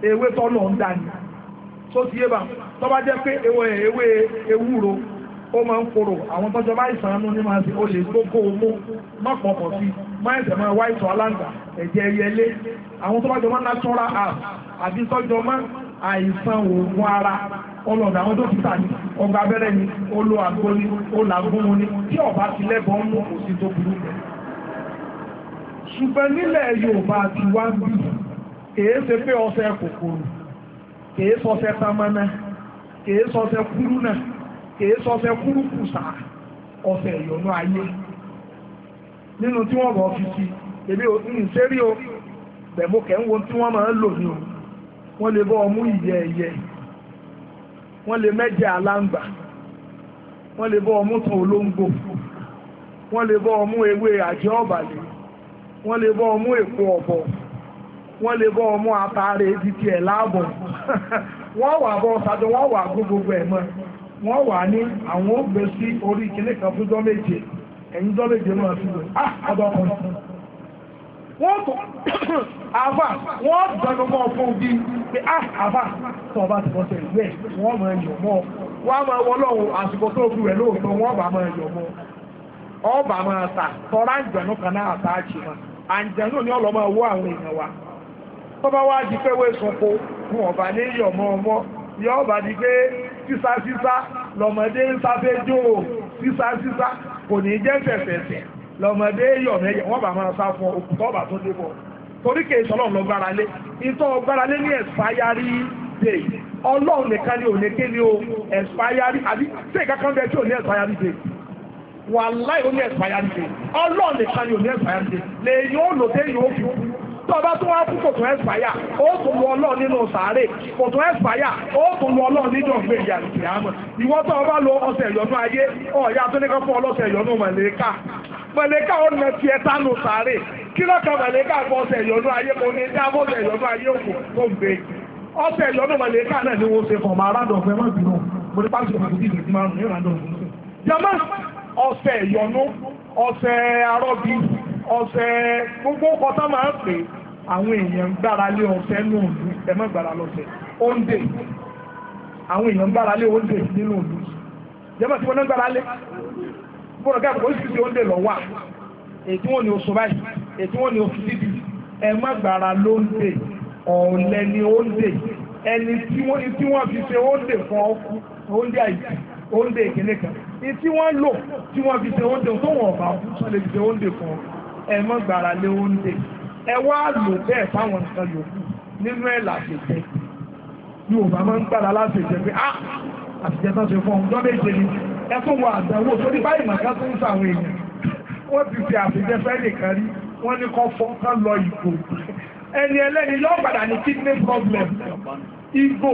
ewé tọ́lọ̀ ń dání tó ti yé bá tó bá jẹ́ pé ewé ewúro ó máa ń àwọn má ẹ̀sẹ̀ máa wá ìtọ̀ aláǹgbà ẹ̀jẹ̀ ẹyẹlé àwọn tó bá jọmọ́ natural app àbí tọ́jọmọ́ àìsàn òògùn ara ọlọ́dọ̀ àwọn dókítà ni ọgbà abẹ́rẹ́ ni olo àgbo ni olàgúnmu ni tí ọba ti lẹ́bọ̀ ń mú kò sí tó burú bẹ̀. ṣùgbọ́n nílẹ̀ Yorùbá ti wá ń bì kèé ṣe pé ọṣẹ kòkòrò kèé sọṣẹ tamana kèé sọṣẹ kúrú kèé sọṣẹ kúrú kùsà ìyọnú ayé nínú tí wọ́n mọ̀ fi sí ebi òfin ṣérí o bẹ̀mọ́kẹ̀ ń wo tí wọ́n máa ń lò ní o wọ́n lè bọ́ ọmú ìyẹ ẹ̀yẹ wọ́n lè mẹ́jẹ aláǹgbà wọ́n lè bọ́ ọmú tán olóńgbò wọ́n lè bọ́ ọmú ewé àjẹ́ ọ̀bàlẹ̀ wọ́n lè bọ́ ọmú èpo ọ̀bọ̀ wọ́n lè bọ́ ọmú àtàrẹ títí ẹ̀ láàbọ̀ wọ́n wà bọ́ ṣàjọ wọ́n wà gbogbo ẹ̀ mọ́ wọ́n wà ní àwọn ó gbé sí orí kìnnìkan fúnjọ́ méje ẹ̀yìn tó lè jẹ́ máa fi lò ah, ọdọ́ ọkùnrin wọ́n tó àfà wọ́n dọ̀gbọ́n fún bí pé ah, àfà tó ọba ti bọ́sẹ̀ ìwé wọ́n máa yọ̀ mọ́ wọ́n máa wọlọ́run àsìkò tó fi rẹ̀ lóòótọ́ wọ́n bá máa yọ̀ mọ́ ọba máa tà tọ́ra àjọ̀nù kan náà àtà àjì wọn àjọ̀nù ni ọlọ́mọ owó àwọn èèyàn wa tó bá wá di pé wéṣọ̀kọ fún ọba ní yọ̀ mọ́ ọmọ yọ ọba di pé sísá sísá lọ́mọdé ń sáfẹ́ jó sísá sísá kò ní jẹ́ fẹ̀fẹ̀fẹ̀ lọ́mọdé yọ̀ mẹ́yẹ wọ́n bá máa sá fún òkùtọ́ ọ̀bà tó dé bọ̀ torí kèé sọlọ́run lọ gbára lé ìtọ́ gbára lé ní ẹ̀fáyárí dé ọlọ́run nìkan ni òní kí ni o ẹ̀fáyárí àbí tí ìka kan bẹ tí ò ní ẹ̀fáyárí dé wàláì ó ní ẹ̀fáyárí dé ọlọ́run tó ọba tó wá kú kò tún ẹ̀sìpáyà ó tún lu ọlọ́ọ̀ nínú sàárè kò tún ẹ̀sìpáyà ó tún lu ọlọ́ọ̀ nínú ọ̀gbẹ́ ìyá ìyàmọ̀ ìwọ tó ọba lo ọsẹ̀ ìyọnú ayé ọ̀ya tó ní kan fún ọlọ́sẹ̀ ìyọnú mọ̀lẹ́ká mọ̀lẹ́ká ó nà ti ẹ̀ta nù sàárè kí lọ́kàn mọ̀lẹ́ká fún ọsẹ̀ ìyọnú ayé kò ní dá fọ́sẹ̀ ìyọnú ayé òkú tó ń gbé ọsẹ̀ ìyọnú mọ̀lẹ́ká náà ni wọ́n ṣe fọ̀ máa rádọ̀ fẹ́ mọ́ bínú mo ní pàṣẹ ìfàkùn sí ìdòtí márùn-ún ní ìrànlọ́wọ́ jama ọsẹ̀ ìyọnú ọsẹ̀ arọ́bí ọ̀sẹ̀ gbogbo ọkọ̀ tá máa ń pè àwọn èèyàn ń gbára lé ọ̀fẹ́ nínú òlú ẹ má gbára lọ́fẹ́ oúnjẹ àwọn èèyàn ń gbára lé oúnjẹ nínú òlú jẹ́mọ̀ tí wọ́n náà gbára lé bọ́ọ̀rọ̀ gáàbù ó sì ti oúnjẹ lọ wà ètí wọn ni oṣù báyìí ètí wọn ni oṣù títì ẹ má gbára lóúnjẹ ọ̀ọ̀lẹ́ ni oúnjẹ ẹni tí wọ́n fi ṣe oúnjẹ fún ọkú oúnjẹ àìsí oúnjẹ ìkíní kan tí wọ́n lò tí wọ́n fi ṣe oúnjẹ tó wọ̀n ọ̀bà fún sọ́lẹ̀ fi ṣe oúnjẹ fún ẹ má gbára lé oúnjẹ ẹ wá lò bẹ́ẹ̀ fáwọn nǹkan yòókù nínú ẹ̀ làṣẹjẹ yorùbá máa ń gbára láṣẹjẹ pé á ah, àṣẹjẹ tó ṣe fún ọjọ́ méje ni ẹ tún wọ àdánwò tó ní báyìí màkà tó ń sàwọn èèyàn wọ́n ti fi àṣẹjẹ fẹ́ nìkan rí wọ́n ní kọ́ fọ́ ká lọ ìgò ẹni ẹlẹ́ni yóò padà ní kidney problem ìgò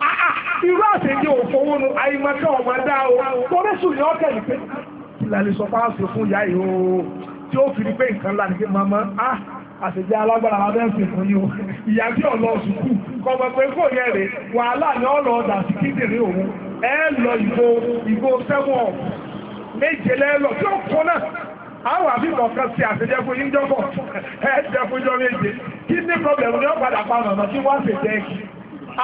ah, ah, irú àṣẹjẹ òfowó nu àyìnbákẹ́ ọmọ dá o kọ́rẹ́sù ni ọ́ tẹ̀lé pé ìlàlẹ́sọ̀pá ṣe fún ìyá yìí o tí ó fi rí pé nǹkan lánàá pé màmá ah àṣẹjẹ́ alágbára abẹ́sìn fún yíò ìyá tí ọ̀ lọ sùkú kọmọ pé kò yẹ rè wàhálà ni ọ lọ ọ̀dà sí kíndìnrín òun ẹ lọ ìgò ìgò sẹ́wọ̀n méje lẹ́lọ tí ó kọ́ náà àwọn àfihàn kan sí àṣẹjẹ́ fún yíjọ́bọ̀ ẹ jẹ́ fún yọ méje kí ní pọ́blẹ̀mù ni ó padà pa ọ̀nà tí wọ́n ṣe jẹ́ kí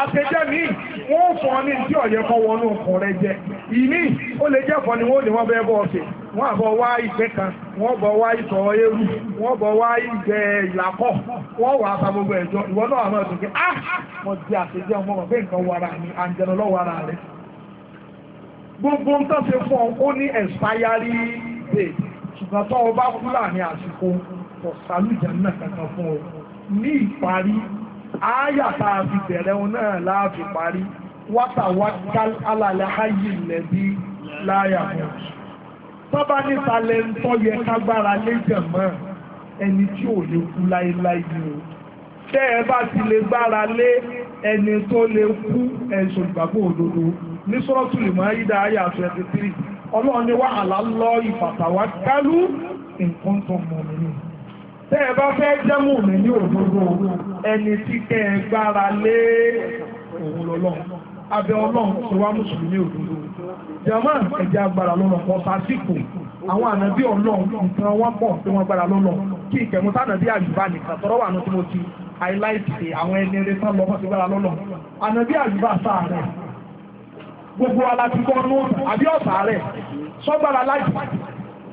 àtẹ̀jẹ́ mi wọ́n fún ọ ní tí ọ̀yẹ́ kọ́ wọnú ọkùn rẹ jẹ ìní ó lè jẹ́ fọ́ ni wọ́n ní wọ́n bẹ́ẹ̀ bọ́ ọ̀sẹ̀ wọ́n àbọ̀ wá ìgbẹ́ kan wọ́n bọ̀ wá ìtọ̀ eérú wọ́n bọ̀ wá ìgbẹ́ ìlàkọ̀ wọ́n wà á ta gbogbo ẹ̀jọ́ ìwọ náà àmọ́ ẹ̀dùn kí ah mo di àtẹ̀jẹ́ ọmọ mọ̀ pé nǹkan wara mi àǹjẹ̀nà lọ́wọ́ ara rẹ̀ gbogbo ń tọ́ ṣe fún ọ ó ní expiry date ṣùgbọ́n tó o bá kú láàrin àsìkò ọ̀sálùjẹ́ náà kankan fún ọ ní ìparí ááyà tá a fi bẹ̀rẹ̀ òun náà láàfi parí wátà wátà alàlẹ́ ayé lẹ́bí láyà mọ́ tọ́ba níta lẹ́ńtọ́ yẹ kágbára lẹ́jẹ̀ mọ́ ẹni tí ò lè kú láéláé ni o tẹ́ ẹ bá ti lè gbára lé ẹni tó lè kú ẹ̀sùn ìgbàgbọ́ òdodo ní sọ́ọ̀tù lè máa yídà ayà twenty three ọlọ́run ni wàhálà lọ ìfàtàwá kálú nǹkan tó mọ̀ nínú. tẹ́ ẹ fẹ́ jẹ́mù mi ní òdodo ẹni tí kẹ́ ẹ gbára lé òun lọ́lọ́run abẹ́ tó wá mùsùlùmí ní jama ẹ̀jẹ̀ agbára lọ́nà kan àwọn nǹkan tí wọ́n gbára lọ́nà kí ìkẹ̀mú àyùbá nìkan wà tí mo ti àìláìsì àwọn ẹni eré tán lọ́wọ́ ti gbára lọ́nà gbogbo àbí ọ̀sà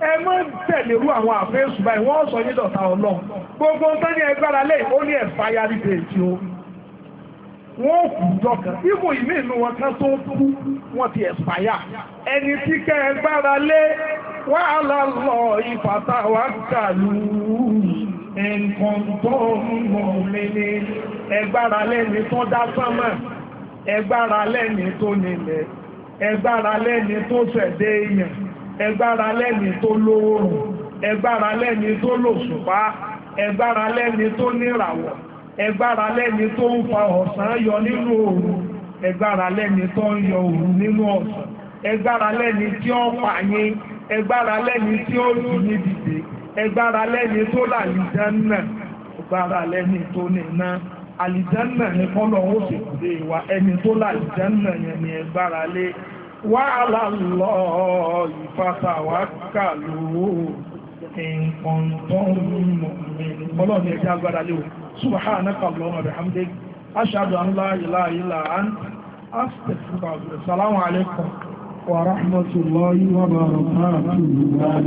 ẹ mọ́ tẹ̀lérú àwọn àfẹ́sù báyìí wọ́n sọ yín dọ̀tá ọlọ́run gbogbo tó ní ẹgbára lé ó ní ẹ̀fáyà ní tèèjì o wọ́n kù dọ́kà ibò ìmí inú wọn kan tó kú wọ́n ti ẹ̀fáyà ẹni tí kẹ́ ẹgbára lé wà á lọ lọ ìfàtà wà kàlù nǹkan tó ń mọ̀ mi ní ẹgbára lẹ́ni tó dá sánmà ẹgbára lẹ́ni tó nílẹ̀ ẹgbára lẹ́ni tó ṣẹ̀dá èèyàn ẹgbára lẹ́ni tó lóòrùn ẹgbára lẹ́ni tó lòṣùpá ẹgbára lẹ́ni tó níràwọ̀ ẹgbára lẹ́ni tó ń fa ọ̀sán yọ nínú òru ẹgbára lẹ́ni tó ń yọ òru nínú ọ̀sán ẹgbára lẹ́ni tí ó pààyè ẹgbára lẹ́ni tí ó lù ní dìde ẹgbára lẹ́ni tó là ẹgbára lẹ́ni tó nìna àlìjánà ní kọ́lọ̀ ó sì kúrè wa ẹni tó là yẹn ni ẹgbára lẹ́ni وعلى الله فتوكلوا إن كنتم مؤمنين الله يجعل بدلو سبحانك اللهم وبحمدك أشهد أن لا إله إلا أنت أستغفرك السلام عليكم ورحمة الله وبركاته